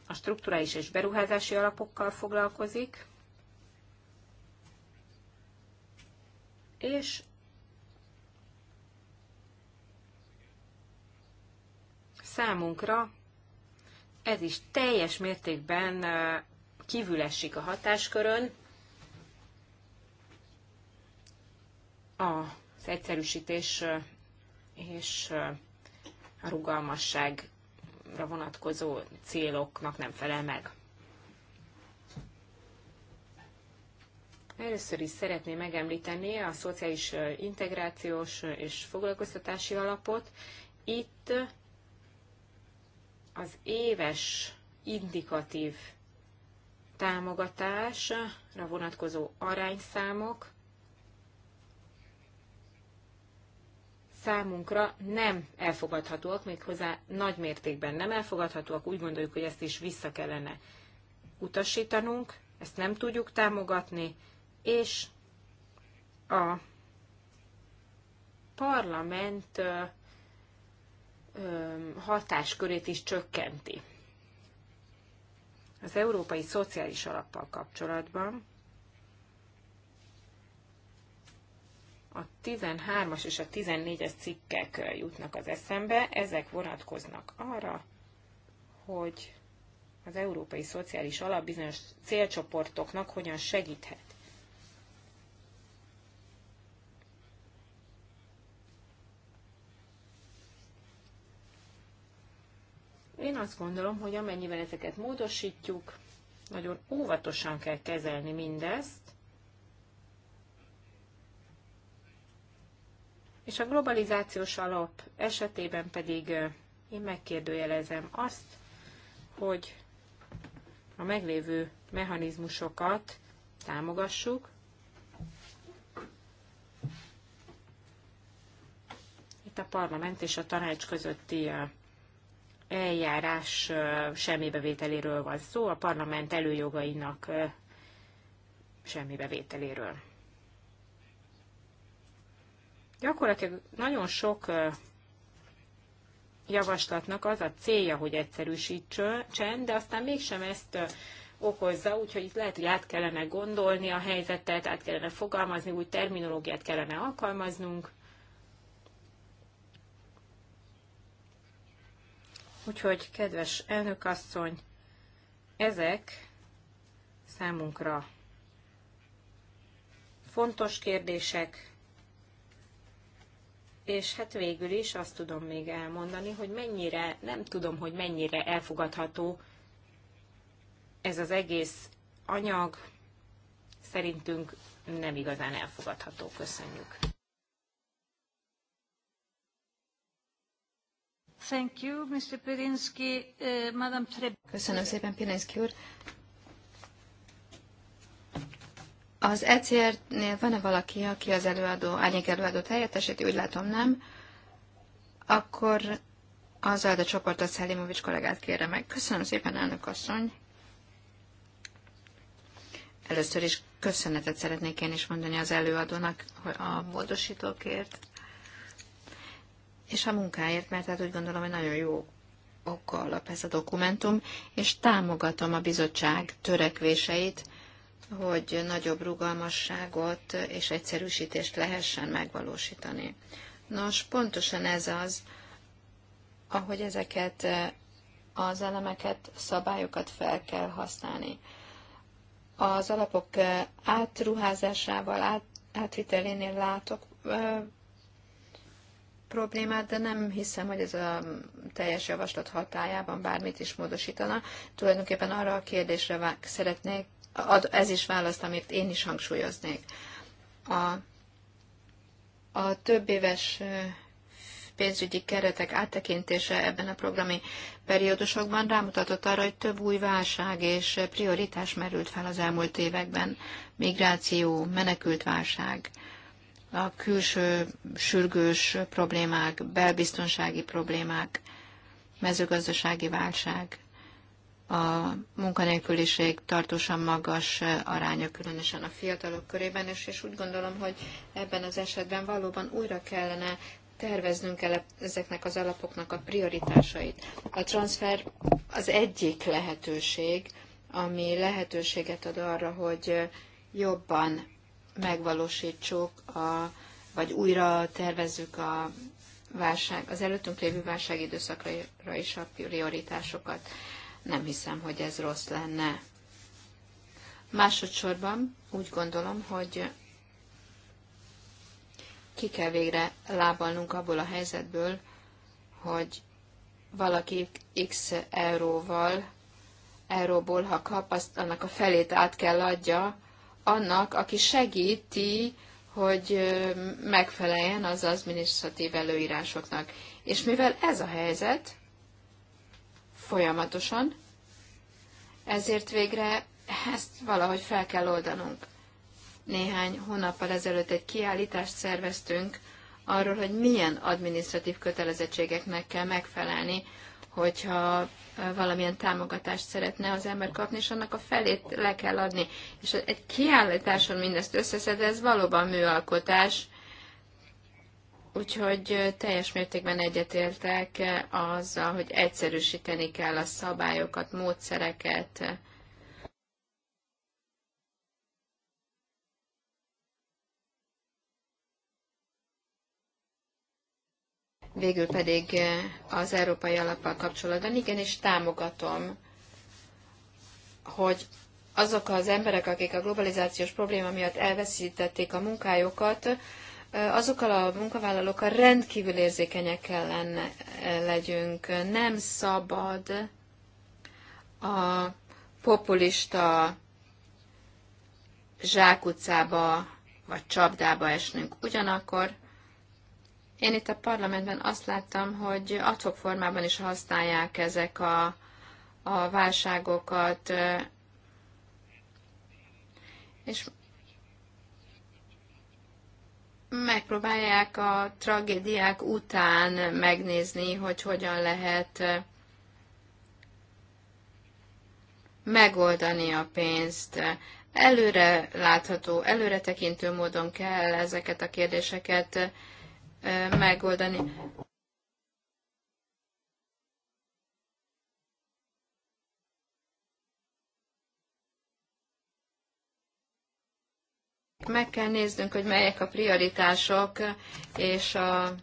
a strukturális és beruházási alapokkal foglalkozik, és számunkra ez is teljes mértékben kívül esik a hatáskörön, az egyszerűsítés és a rugalmasság vonatkozó céloknak nem felel meg. Először is szeretném megemlíteni a szociális integrációs és foglalkoztatási alapot. Itt az éves indikatív támogatásra vonatkozó arányszámok számunkra nem elfogadhatóak, méghozzá nagy mértékben nem elfogadhatóak, úgy gondoljuk, hogy ezt is vissza kellene utasítanunk, ezt nem tudjuk támogatni, és a parlament hatáskörét is csökkenti. Az Európai Szociális Alappal kapcsolatban a 13-as és a 14-es cikkek jutnak az eszembe. Ezek vonatkoznak arra, hogy az Európai Szociális Alap bizonyos célcsoportoknak hogyan segíthet. Én azt gondolom, hogy amennyiben ezeket módosítjuk, nagyon óvatosan kell kezelni mindezt, És a globalizációs alap esetében pedig én megkérdőjelezem azt, hogy a meglévő mechanizmusokat támogassuk. Itt a parlament és a tanács közötti eljárás semmibevételéről van szó, a parlament előjogainak semmibevételéről. Gyakorlatilag nagyon sok javaslatnak az a célja, hogy egyszerűsítsen, de aztán mégsem ezt okozza, úgyhogy itt lehet, hogy át kellene gondolni a helyzetet, át kellene fogalmazni, új terminológiát kellene alkalmaznunk. Úgyhogy, kedves elnökasszony, ezek számunkra fontos kérdések, és hát végül is azt tudom még elmondani, hogy mennyire, nem tudom, hogy mennyire elfogadható ez az egész anyag, szerintünk nem igazán elfogadható. Köszönjük. Thank you, Mr. Pirinsky. Uh, Madam Köszönöm szépen, Pirinski úr. Az ECR-nél van-e valaki, aki az előadó, árnyék előadót helyettesíti? Úgy látom, nem. Akkor az a csoportot Szelimovics kollégát kérem meg. Köszönöm szépen, elnök asszony. Először is köszönetet szeretnék én is mondani az előadónak a módosítókért, és a munkáért, mert hát úgy gondolom, hogy nagyon jó okkal alap ez a dokumentum, és támogatom a bizottság törekvéseit, hogy nagyobb rugalmasságot és egyszerűsítést lehessen megvalósítani. Nos, pontosan ez az, ahogy ezeket eh, az elemeket, szabályokat fel kell használni. Az alapok eh, átruházásával, át, átvitelénél látok ö, eh, problémát, de nem hiszem, hogy ez a teljes javaslat hatájában bármit is módosítana. Tulajdonképpen arra a kérdésre vá- szeretnék ad, ez is választ, amit én is hangsúlyoznék. A, a több éves pénzügyi keretek áttekintése ebben a programi periódusokban rámutatott arra, hogy több új válság és prioritás merült fel az elmúlt években. Migráció, menekült válság, a külső sürgős problémák, belbiztonsági problémák, mezőgazdasági válság, a munkanélküliség tartósan magas aránya, különösen a fiatalok körében, és, és úgy gondolom, hogy ebben az esetben valóban újra kellene terveznünk el ezeknek az alapoknak a prioritásait. A transfer az egyik lehetőség, ami lehetőséget ad arra, hogy jobban megvalósítsuk, a, vagy újra tervezzük a válság, az előttünk lévő válságidőszakra is a prioritásokat. Nem hiszem, hogy ez rossz lenne. Másodszorban úgy gondolom, hogy ki kell végre lábalnunk abból a helyzetből, hogy valaki x euróval, euróból, ha kap, azt annak a felét át kell adja annak, aki segíti, hogy megfeleljen az adminisztratív előírásoknak. És mivel ez a helyzet, folyamatosan, ezért végre ezt valahogy fel kell oldanunk. Néhány hónappal ezelőtt egy kiállítást szerveztünk arról, hogy milyen adminisztratív kötelezettségeknek kell megfelelni, hogyha valamilyen támogatást szeretne az ember kapni, és annak a felét le kell adni. És egy kiállításon mindezt összeszed, ez valóban műalkotás, Úgyhogy teljes mértékben egyetértek azzal, hogy egyszerűsíteni kell a szabályokat, módszereket, Végül pedig az európai alappal kapcsolatban igenis támogatom, hogy azok az emberek, akik a globalizációs probléma miatt elveszítették a munkájukat, azokkal a munkavállalókkal rendkívül érzékenyek kellene legyünk. Nem szabad a populista zsákutcába vagy csapdába esnünk. Ugyanakkor én itt a parlamentben azt láttam, hogy adhok formában is használják ezek a, a válságokat, és megpróbálják a tragédiák után megnézni, hogy hogyan lehet megoldani a pénzt. Előre látható, előre tekintő módon kell ezeket a kérdéseket megoldani. Meg kell néznünk, hogy melyek a prioritások, és a,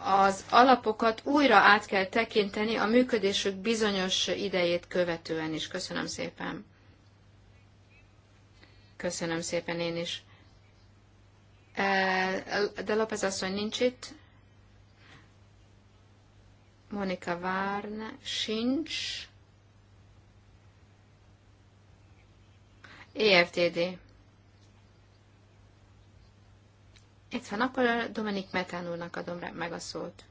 az alapokat újra át kell tekinteni a működésük bizonyos idejét követően is. Köszönöm szépen. Köszönöm szépen én is. E, de López asszony nincs itt. Monika Várne sincs. EFTD. Itt van, akkor Dominik Metán úrnak adom meg a szót.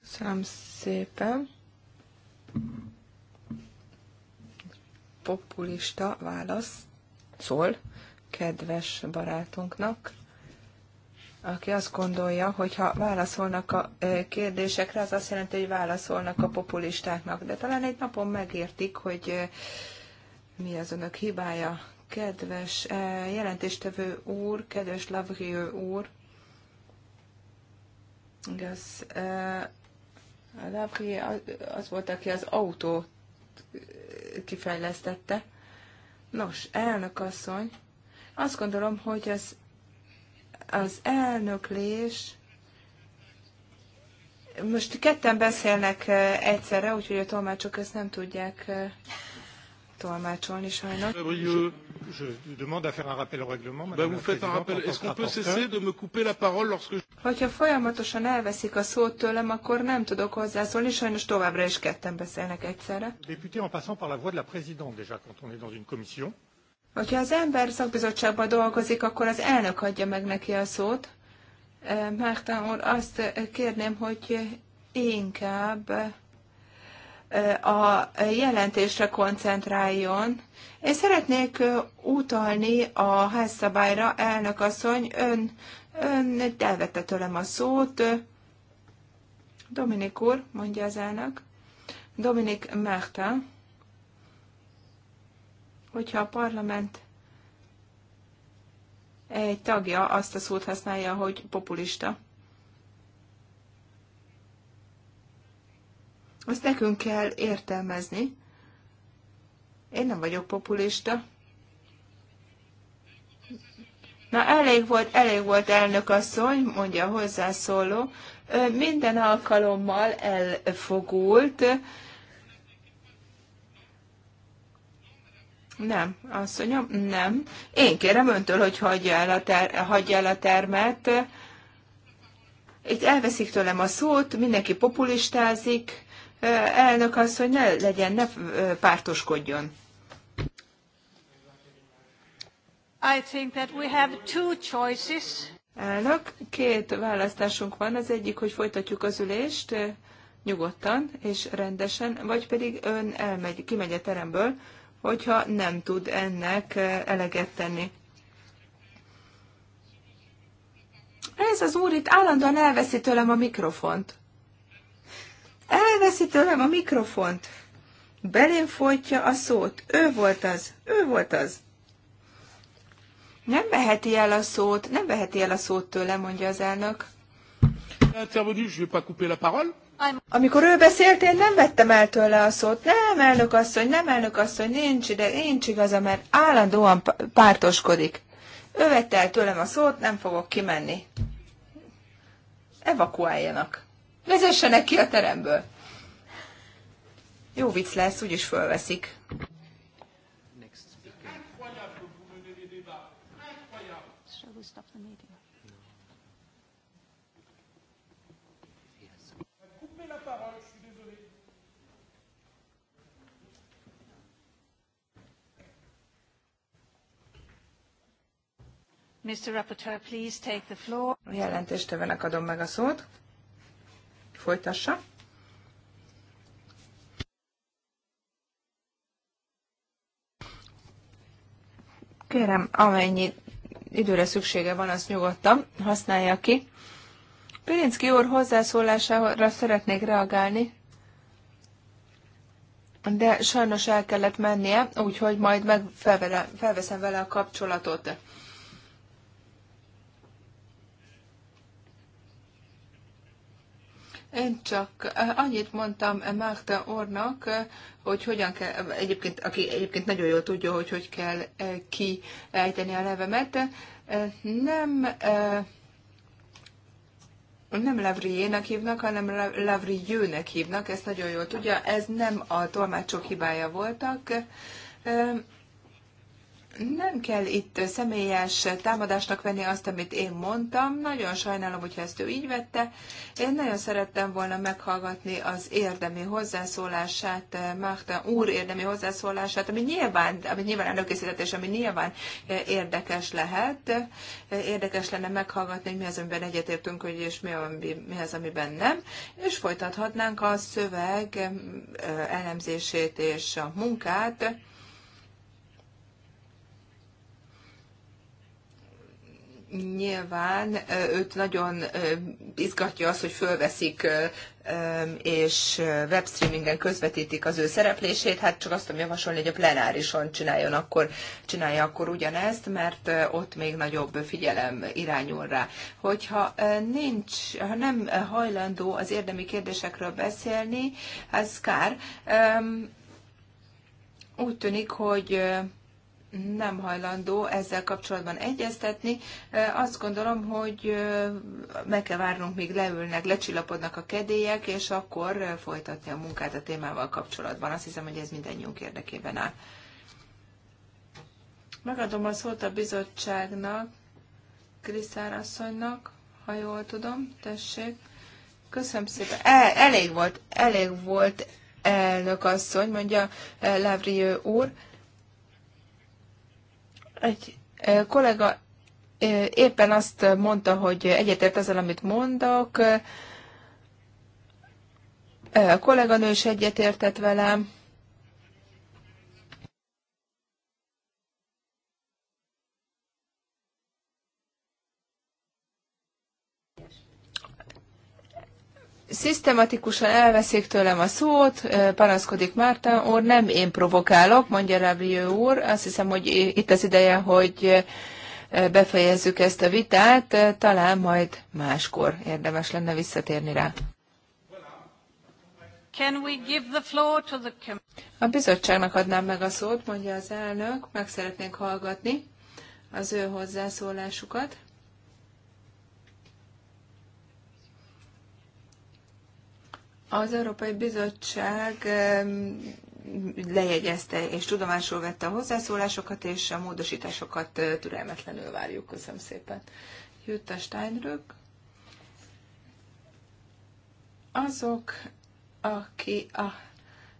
Köszönöm szépen. Populista válasz szól kedves barátunknak aki azt gondolja, hogy ha válaszolnak a e, kérdésekre, az azt jelenti, hogy válaszolnak a populistáknak. De talán egy napon megértik, hogy e, mi az önök hibája. Kedves e, jelentéstevő úr, kedves Lavrieu úr, igaz, Lavrieu az volt, aki az autót kifejlesztette. Nos, elnök asszony, azt gondolom, hogy az az elnöklés most ketten beszélnek egyszerre, úgyhogy a tolmácsok ezt nem tudják tolmácsolni sajnos. Euh, Hogyha folyamatosan elveszik a szót tőlem, akkor nem tudok hozzászólni, sajnos továbbra is ketten beszélnek egyszerre. Député en passant par la voix de la présidente déjà quand on est dans une commission. Hogyha az ember szakbizottságban dolgozik, akkor az elnök adja meg neki a szót. Márta úr, azt kérném, hogy inkább a jelentésre koncentráljon. Én szeretnék utalni a házszabályra, elnök asszony, ön, ön elvette tőlem a szót. Dominik úr, mondja az elnök. Dominik Márta hogyha a parlament egy tagja azt a szót használja, hogy populista. Azt nekünk kell értelmezni. Én nem vagyok populista. Na elég volt, elég volt elnök asszony, mondja a hozzászóló. Minden alkalommal elfogult Nem, asszonyom, nem. Én kérem öntől, hogy hagyja el a, ter- hagyja el a termet. Itt elveszik tőlem a szót, mindenki populistázik. Elnök az, hogy ne legyen, ne pártoskodjon. I think that we have two choices. Elnök, két választásunk van. Az egyik, hogy folytatjuk az ülést nyugodtan és rendesen, vagy pedig ön elmegy, kimegy a teremből, hogyha nem tud ennek eleget tenni. Ez az úr itt állandóan elveszi tőlem a mikrofont. Elveszi tőlem a mikrofont. Belén folytja a szót. Ő volt az. Ő volt az. Nem veheti el a szót, nem veheti el a szót tőle, mondja az elnök. Intervenu, je vais pas couper la parole. Amikor ő beszélt, én nem vettem el tőle a szót. Nem, elnök asszony, nem, elnök asszony, nincs ide, nincs igaza, mert állandóan pártoskodik. Ő vette el tőlem a szót, nem fogok kimenni. Evakuáljanak. Vezessenek ki a teremből. Jó vicc lesz, úgyis fölveszik. Mr. Rapporteur, please take the floor. A jelentéstevőnek adom meg a szót. Folytassa. Kérem, amennyi időre szüksége van, azt nyugodtan használja ki. Pirinszki úr hozzászólására szeretnék reagálni, de sajnos el kellett mennie, úgyhogy majd meg felveszem vele a kapcsolatot. Én csak eh, annyit mondtam Márta Ornak, eh, hogy hogyan kell, egyébként, aki egyébként nagyon jól tudja, hogy hogy kell eh, kiejteni a levemet, nem nem Lavriének hívnak, hanem Lavrieux-nek hívnak, ezt nagyon jól tudja, ez nem a tolmácsok hibája voltak, nem kell itt személyes támadásnak venni azt, amit én mondtam. Nagyon sajnálom, hogyha ezt ő így vette. Én nagyon szerettem volna meghallgatni az érdemi hozzászólását, eh, Márta úr érdemi hozzászólását, ami nyilván, ami nyilván előkészített, és ami nyilván eh, érdekes lehet. Eh, érdekes lenne meghallgatni, hogy mi az, amiben egyetértünk, hogy és mi, mi az, amiben nem. És folytathatnánk a szöveg elemzését és a munkát nyilván őt nagyon izgatja az, hogy fölveszik és webstreamingen közvetítik az ő szereplését, hát csak azt tudom javasolni, hogy a plenárison csináljon akkor, csinálja akkor ugyanezt, mert ott még nagyobb figyelem irányul rá. Hogyha nincs, ha nem hajlandó az érdemi kérdésekről beszélni, az kár. Úgy tűnik, hogy nem hajlandó ezzel kapcsolatban egyeztetni. Azt gondolom, hogy meg kell várnunk, míg leülnek, lecsillapodnak a kedélyek, és akkor folytatja a munkát a témával kapcsolatban. Azt hiszem, hogy ez mindannyiunk érdekében áll. Megadom a szót a bizottságnak, Kriszár asszonynak, ha jól tudom, tessék. Köszönöm szépen. El, elég volt, elég volt elnök asszony, mondja e, Lavrieux úr. Egy kollega éppen azt mondta, hogy egyetért azzal, amit mondok, a kolléganő is egyetértett velem, szisztematikusan elveszik tőlem a szót, panaszkodik Márta úr, nem én provokálok, mondja Rablió úr, azt hiszem, hogy itt az ideje, hogy befejezzük ezt a vitát, talán majd máskor érdemes lenne visszatérni rá. Can we give the floor to the... A bizottságnak adnám meg a szót, mondja az elnök, meg szeretnénk hallgatni az ő hozzászólásukat. Az Európai Bizottság lejegyezte és tudomásul vette a hozzászólásokat, és a módosításokat türelmetlenül várjuk. Köszönöm szépen. Jutta Steinrück. Azok, aki a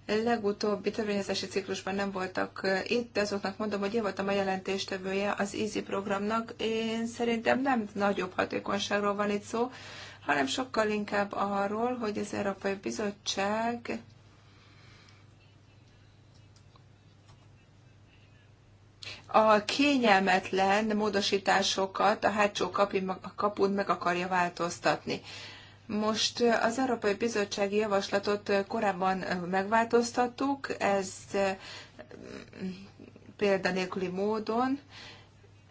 legutóbbi törvényezési ciklusban nem voltak itt, azoknak mondom, hogy én voltam a jelentéstevője az EASY programnak. Én szerintem nem nagyobb hatékonyságról van itt szó, hanem sokkal inkább arról, hogy az Európai Bizottság a kényelmetlen módosításokat a hátsó kapun meg akarja változtatni. Most az Európai Bizottsági Javaslatot korábban megváltoztattuk, ez példanélküli módon.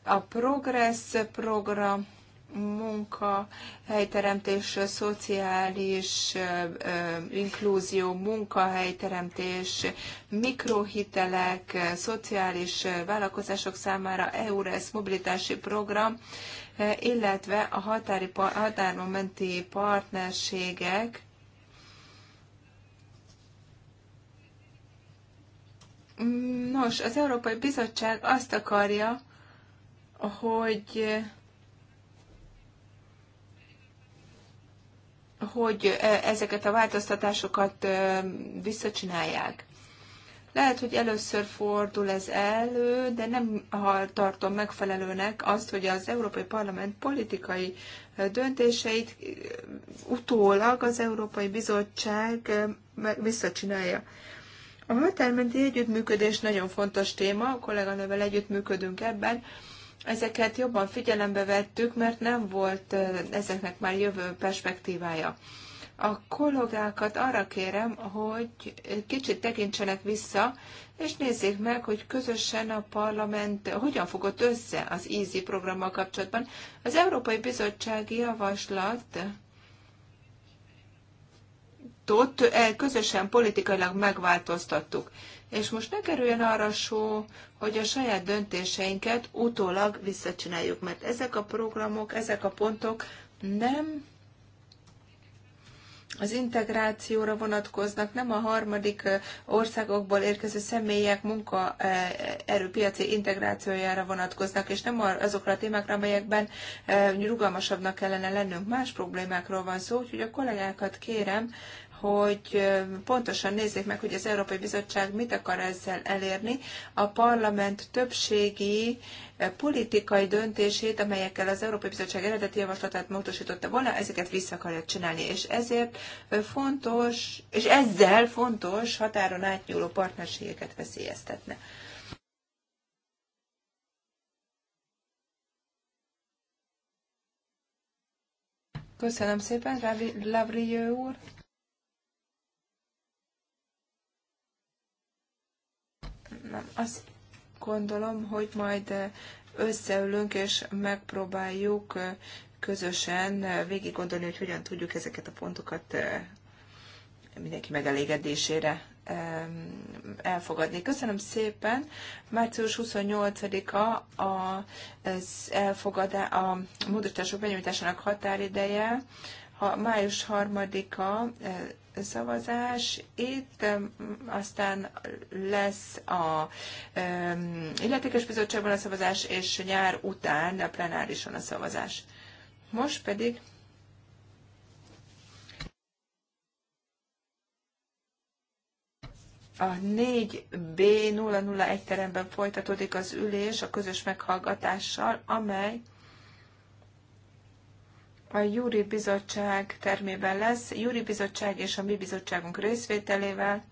A Progress program munka, helyteremtés, szociális inklúzió, munkahelyteremtés, mikrohitelek, szociális vállalkozások számára EURES mobilitási program, illetve a határi, határon partnerségek, Nos, az Európai Bizottság azt akarja, hogy hogy ezeket a változtatásokat visszacsinálják. Lehet, hogy először fordul ez elő, de nem tartom megfelelőnek azt, hogy az Európai Parlament politikai döntéseit utólag az Európai Bizottság visszacsinálja. A határmenti együttműködés nagyon fontos téma, a kolléganővel együttműködünk ebben, ezeket jobban figyelembe vettük, mert nem volt ezeknek már jövő perspektívája. A kollégákat arra kérem, hogy kicsit tekintsenek vissza, és nézzék meg, hogy közösen a parlament hogyan fogott össze az EASY programmal kapcsolatban. Az Európai Bizottsági Javaslat közösen politikailag megváltoztattuk. És most ne kerüljön arra só, hogy a saját döntéseinket utólag visszacsináljuk, mert ezek a programok, ezek a pontok nem az integrációra vonatkoznak, nem a harmadik országokból érkező személyek munkaerőpiaci integrációjára vonatkoznak, és nem azokra a témákra, amelyekben rugalmasabbnak kellene lennünk. Más problémákról van szó, úgyhogy a kollégákat kérem, hogy pontosan nézzék meg, hogy az Európai Bizottság mit akar ezzel elérni. A parlament többségi politikai döntését, amelyekkel az Európai Bizottság eredeti javaslatát módosította volna, ezeket vissza akarja csinálni. És ezért fontos, és ezzel fontos határon átnyúló partnerségeket veszélyeztetne. Köszönöm szépen, Lavrieux úr. nem. Azt gondolom, hogy majd eh, összeülünk és megpróbáljuk eh, közösen eh, végig gondolni, hogy hogyan tudjuk ezeket a pontokat mindenki megelégedésére elfogadni. Köszönöm szépen. Március 28-a az elfogadá, a módosítások benyújtásának határideje, ha május 3-a szavazás. Itt aztán lesz a um, illetékes bizottságban a szavazás, és nyár után a plenárison a szavazás. Most pedig a 4B001 teremben folytatódik az ülés a közös meghallgatással, amely a Júri Bizottság termében lesz, Júri Bizottság és a mi bizottságunk részvételével,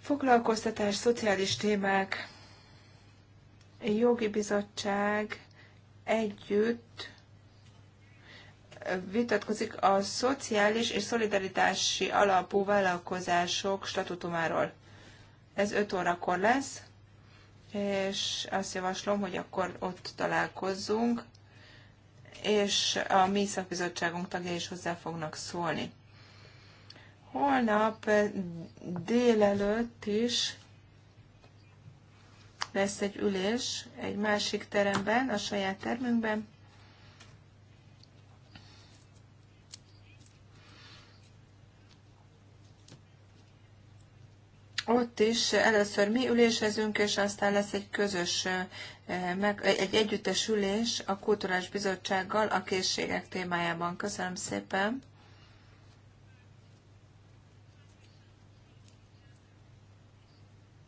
foglalkoztatás, szociális témák, jogi bizottság együtt vitatkozik a szociális és szolidaritási alapú vállalkozások statutumáról. Ez 5 órakor lesz, és azt javaslom, hogy akkor ott találkozzunk és a mi szakbizottságunk tagja is hozzá fognak szólni. Holnap délelőtt is lesz egy ülés egy másik teremben, a saját termünkben. Ott is először mi ülésezünk, és aztán lesz egy közös meg, egy együttesülés a Kulturális Bizottsággal a készségek témájában. Köszönöm szépen!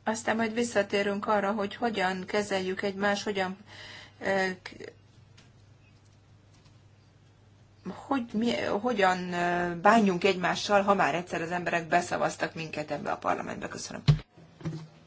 Aztán majd visszatérünk arra, hogy hogyan kezeljük egymást, hogyan hogy mi, hogyan bánjunk egymással, ha már egyszer az emberek beszavaztak minket ebbe a parlamentbe. Köszönöm.